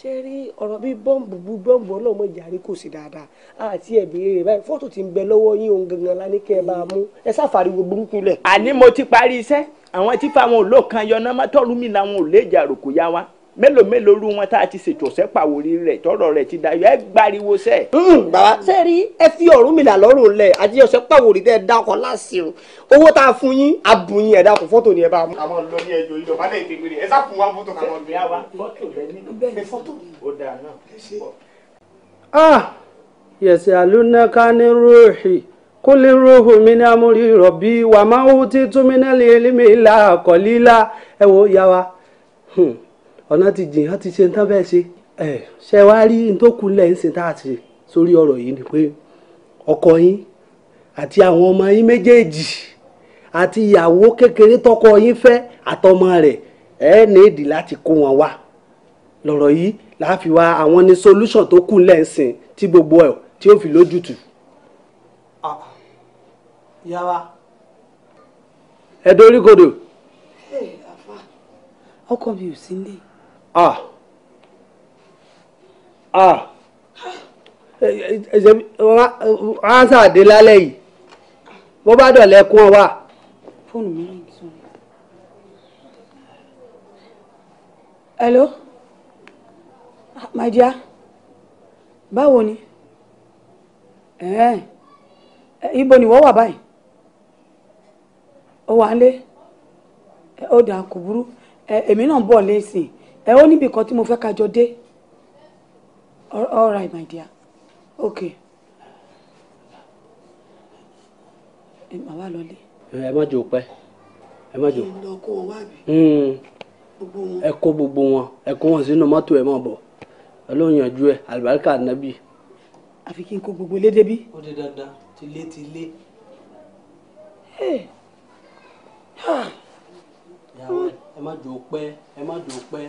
ṣé rí ọ̀rọ̀ bíi bọ́ǹbù bú bọ́ǹbù ọlọ́mọ ìjàrí kò sí dáadáa àti ẹ̀bìrì rẹ̀ báyìí fọ́tò ti ń bẹ lọ́wọ́ yín òun gangan lání kẹ́ ẹ bá a mú ẹ sáfàríwò burúkú lẹ̀. àní mo ti parí iṣẹ́ àwọn tí fáwọn olóòkan yọ náà làwọn ò lè jà rògbòyá wa mélòó mélòó rú wọn tá a ti ṣètò ọ̀sẹ̀ pàwórí rẹ̀ tọrọ rẹ̀ ti dayọ̀ ẹ gbariwo sẹ́. Hmm, bàbá ṣe rí ẹ fi Ọ̀rúnmìlà lọ́rùn lẹ̀ àti ọ̀sẹ̀ pàwórí tẹ́ ẹ dákọ̀ láti o owó tá a fún yín abùn yín ẹ dákọ̀ fọ́tò ni ẹ bá mú. àwọn lọ ní ẹjọ ìjọba náà ti gbére ẹ sáfún wa fọ́tò kàwọn bí wa fọ́tò bẹ́ẹ̀ ni fọ́tò ó dà náà. yẹ̀sàlùnàkà kúlí rúhù mi ní amúrí rọ̀bí wàmáwú títúmínà lè lé mi ìlà àkọ́lílà ẹ wo yá wa. Hmm, ọ̀nà ti jìn wọ́n ti ṣe nǹkan bẹ́ẹ̀ ṣe ẹ̀ ṣe wá rí nítòkù lẹ̀ ń ṣe tá a ṣe sórí ọ̀rọ̀ yìí ni pé ọkọ yín àti àwọn ọmọ yín méjèèjì àti ìyàwó kékeré tọkọ yín fẹ́ àtọmọ rẹ̀ ẹ nídìí láti kó wọn wá lọ̀rọ̀ yìí láàfin wa àwọn ni solution tó kù lẹ̀ ń sìn tí gbogbo ẹ̀ tí ó fi lójútùú. Ah, yàrá. ẹ dorí kodò. ọkọ mi ò sí nílé a Ah. Ránṣà dé lálẹ́ yìí. Bó bá dọ̀lẹ́ kún ọ Fóònù mi ah, Ibo ni wọ́n wà báyìí? Ó wà ń lé? Ó dà kò burú. Èmi náà ń ẹ ó níbi kan tí mo fẹ́ kájọ dé all right my dear okay ẹ mà wá lọlé. ẹ má jò pẹ́ ẹ má jò. Hmm. ẹ kó gbogbo wọn ẹ kó wọn sínú mọ́tò ẹ máa bọ̀ ọlọ́run yanjú ẹ àlùbáríkà nábì. àfi kí n kó gbogbo ilé débí. ó di dandan tilé tilé. Eh. Ah. ìyàwó ẹ má jò pẹ́ ẹ má jò pẹ́.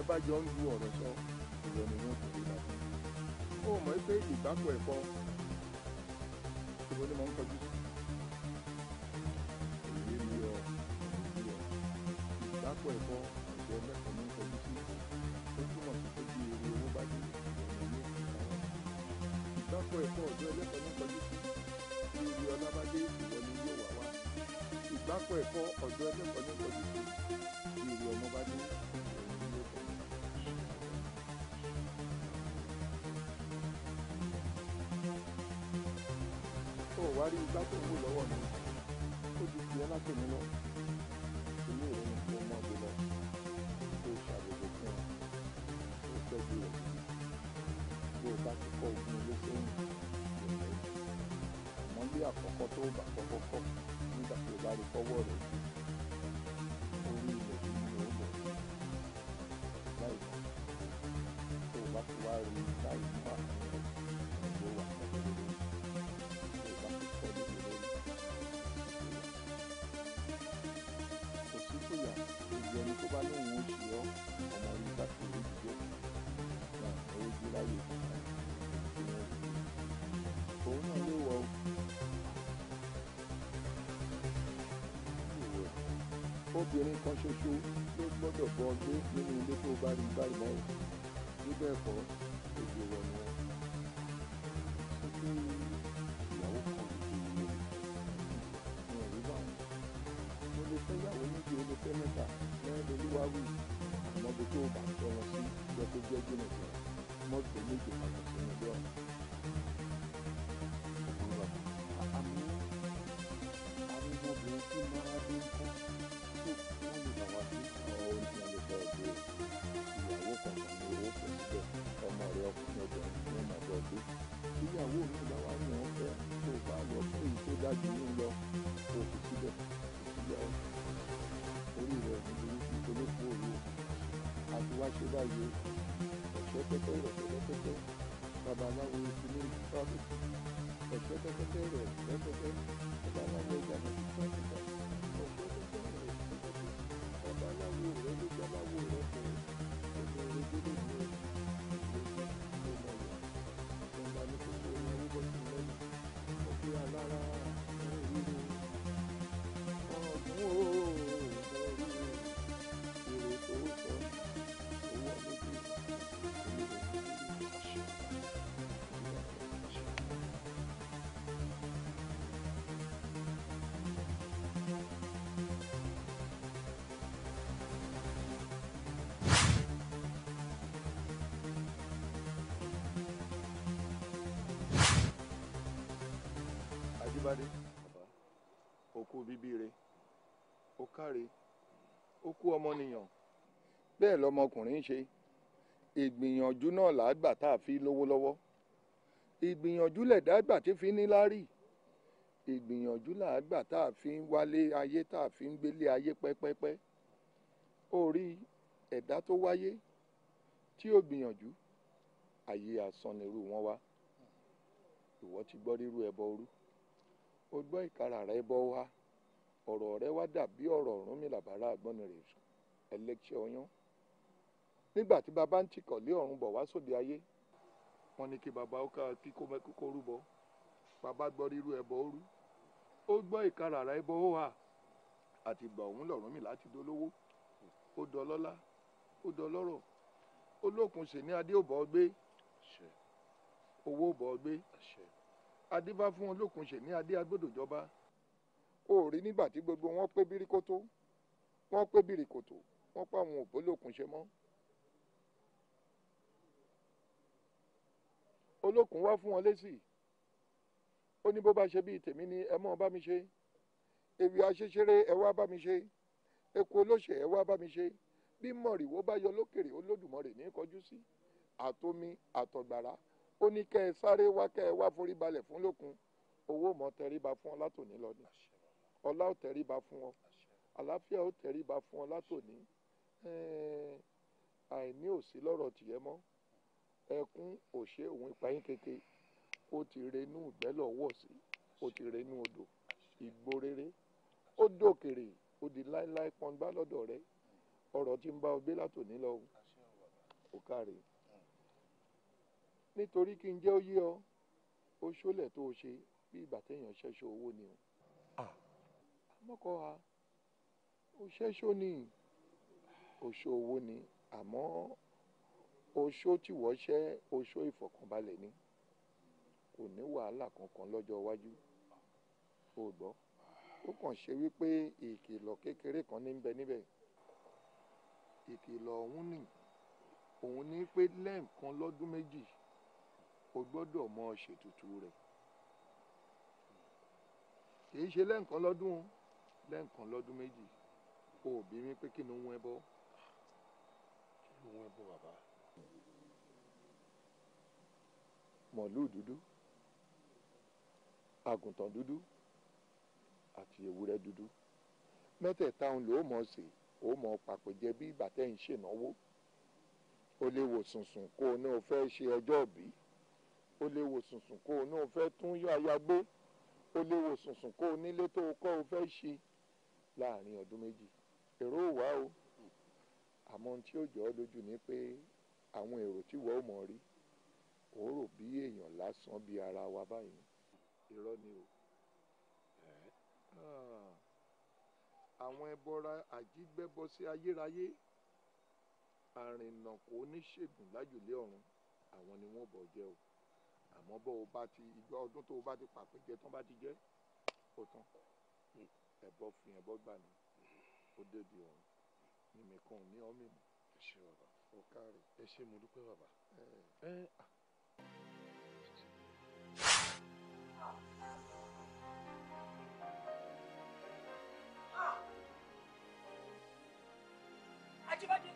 tẹ́ bá jọ ń lu ọ̀rọ̀ sọ ọ̀rọ̀ ni wọ́n tẹ̀lé láti. ó mọ̀ pé ìgbàpọ̀ ẹ̀kọ́ ìwọ ni mò ń kọjú sí. èyí ni ọ ìyọ ìgbàpọ̀ ẹ̀kọ́ ìjọ mẹ́kọ̀ọ́ ní kọjú sí ó túmọ̀ sí pé kí èrè owó bá dé ìwọ̀n ní ìkàwọ́. ìgbàpọ̀ ẹ̀kọ́ ìjọ ẹlẹ́kọ̀ọ́ ní kọjú sí kí èrè ọlábàdé ìwọ̀n ni yóò wà wá. ìgbàpọ̀ ẹ̀kọ́ ọ̀dọ́ ẹlẹ́kọ̀ọ́ ní kọjú sí parí igbá tó ń wò lọ́wọ́ mi ó ti fi ẹ́ látòmí lọ ilé ìròyìn tí ó mọ́ gbé lọ tó ṣàbẹ̀wò fún ọ tó tọ́jú rẹ̀ bó o bá ti kọ́ ogun ilé sẹ́yìn ìrọ̀lẹ́ àmọ́ bí àkọ́kọ́ tó bá kọ́kọ́ kọ́ nígbà tó bá rí fọ́wọ́ rẹ̀ bá ní òun ó ṣe ọ́ ọmọ orí sáfì orí ìjọ náà ẹ ó gbé láyè òun náà ló wọ obìnrin kan ṣoṣo ló gbọ́dọ̀ bọ́ gbé nínú ilé tó bá rí báyìí báyìí níbẹ̀ kọ́ èdè wọ̀ ni wọ́n. ìyàwó kan tó bá tọrọ sí yẹ kó jẹ́ jìnnà jìnnà mọ́tò méje pàtàkì nílé ọ̀hún. Brasil. Achei que eu tenho, achei que eu tenho. Trabalhar o ensino de fábrica. Achei que eu tenho, que kú bíbíire ó káre ó kú ọmọnìyàn bẹ́ẹ̀ lọmọkùnrin ń ṣe ìgbìyànjú náà làágbà tá a fi lówó lọ́wọ́ ìgbìyànjú lẹ̀dágbà tí fi ní lárí ìgbìyànjú làágbà tá a fi ń wálé ayé tá a fi ń gbélé ayé pẹ́pẹ́pẹ́ orí ẹ̀dá tó wáyé tí ó gbìyànjú ayé asán nírú wọn wá ìwọ ti gbọ́ rírú ẹbọ orú o gbọ́ ìkara rẹ bọ́ wá ọ̀rọ̀ rẹ wá dàbí ọ̀rọ̀ ọ̀run mi làbàrà àgbọnnìrè ẹlẹ́kṣẹ́ ọyán nígbà tí baba ń tìkọ̀ lé ọ̀run bọ̀ wá sóde ayé wọ́n ní kí baba ó ká kí kó mẹ́kókó rúbọ baba gbọ́ rírú ẹbọ ó rú ó gbọ́ ìkarara ẹbọ ó hà àtìgbà òun lọ̀run mi láti dolówó ó dọlọ́lá ó dọlọ́rọ̀ olókun sì ní adé òbọ̀ gbé owó òbọ̀ gbé adé bá fún olókun sì ní adé agbódòjọba O, rí nígbà tí gbogbo wọn pé bíríkótó wọn pé bíríkótó wọn pa àwọn òbólókun ṣe mọ́. olókun wá fún wọn lésì ó ní bó bá ṣe bíi tèmi ni ẹ mọ́ bá mi ṣe ewì aṣeṣeré ẹ wá bá mi ṣe eku olóṣè ẹ wá bá mi ṣe bí mọ̀rìwó bá yọ lókèrè olódùmarè ní kọjú sí àtomi àtọ̀gbàrá ó ní kẹ́ ẹ sáré wá kẹ́ ẹ wá forí balẹ̀ fún lókun owó mọ̀ tẹríba fún ọ látòní lọ́dún ọlá ò tẹríba fún ọ àlàáfíà ò tẹríba fún ọ látòní àìní òsí lọ́rọ̀ tìyẹ mọ́ ẹkún òṣè òun ìpayín keke ó ti renú ìgbẹ́lọ̀ wọ̀ sí ó ti renú odò ìgbó rere ó dòkèrè ó di láéláé pọngbá lọ́dọ̀ rẹ ọ̀rọ̀ tí ń bá ọ gbé látòní lọ ò káre nítorí kí n jẹ́ ó yé ọ ó ṣólẹ̀ tó o ṣe bí ìgbà téèyàn ṣẹ́ṣọ owó ni o mọ́kọ ha òṣèṣó ni oṣó owó ni àmọ́ oṣó tí wọ́n ṣẹ́ oṣó ìfọ̀kànbalẹ̀ ni kò ní wàhálà kankan lọ́jọ́ iwájú o gbọ́ ó kàn ṣe wípé ìkìlọ̀ kékeré kan ní bẹ níbẹ̀ ìkìlọ̀ ọ̀hún ni òun ní pé lẹ́ẹ̀kan lọ́dún méjì o gbọ́dọ̀ mọ ṣètùtù rẹ̀ kì í ṣe lẹ́ẹ̀kan lọ́dún o lẹ́ǹkan lọ́dún méjì o ò bí mi pé kí ni ó ń wẹ́ bọ́. kí ló ń wẹ́ bọ́ bàbá. mọ̀lúù dúdú àgùntàn dúdú àti ewúrẹ́ dúdú mẹ́tẹ̀ẹ̀ta òun ló mọ̀ sí ó mọ̀ papò jẹ́ bí ìgbà tẹ́ ń ṣènáwó ó lè wò sùnsùn kó o náà fẹ́ ṣe ọjọ́ òbí ó lè wò sùnsùn kó o náà fẹ́ tún yọ aya gbé ó lè wò sùnsùn kó o nílé tó o kọ́ o fẹ́ ṣe láàrin ọdún méjì èrò wà o àmọ́ tí ó jọ ọ́ lójú ni pé àwọn èrò tí wọ́n mọ̀ rí ò bí èèyàn lásán bí ara wa báyìí irọ́ ni o àwọn ẹbọra àjígbẹ́bọ sí ayérayé àrìnàkò oníṣègùn lájùlé ọ̀run àwọn ni wọ́n bọ̀ jẹ́ o àmọ́ bó o bá ti ìgbà ọdún tó o bá ti pàpẹ́jẹ tán bá ti jẹ́ ó tán ẹbọ fi ẹbọ gbà ní ó débi òun mímí kan ní ọmọ mi. ẹ ṣé bàbá ó káre. ẹ ṣé mo dúpẹ́ bàbá. ẹ Ajibade.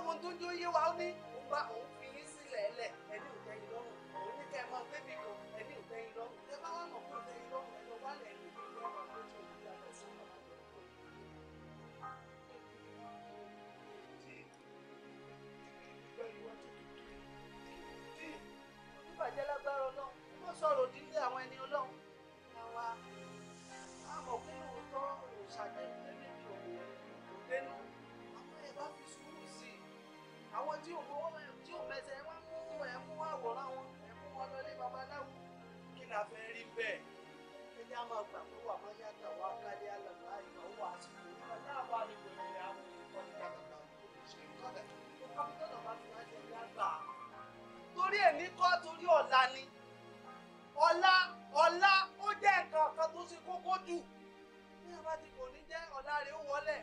wá tó ń jó yé wa ó ní òun bá òun fi yín sílẹ̀ ẹlẹ̀. tí ò fọwọ́ tí ò fẹsẹ̀ wá mú ẹ mú àwòrán wọn ẹ mú wọn lọlé babaláwo kí la fẹ́ rí bẹ́ẹ̀ ẹ ní a máa gbà pé wà máa yàtọ̀ wá kálí àlàbá ìgbà wà á sì kú nípa àwọn olùkọ́ ní kàkàkà ṣe kọ́dà tó kọ́mítọ́nà ní kọ́ torí ọ̀la ni ọ̀la ọ̀la ó jẹ́ nǹkan kan tó ṣe kókó jù bí a kò ní jẹ́ ọ̀la rẹ̀ ó wọlé.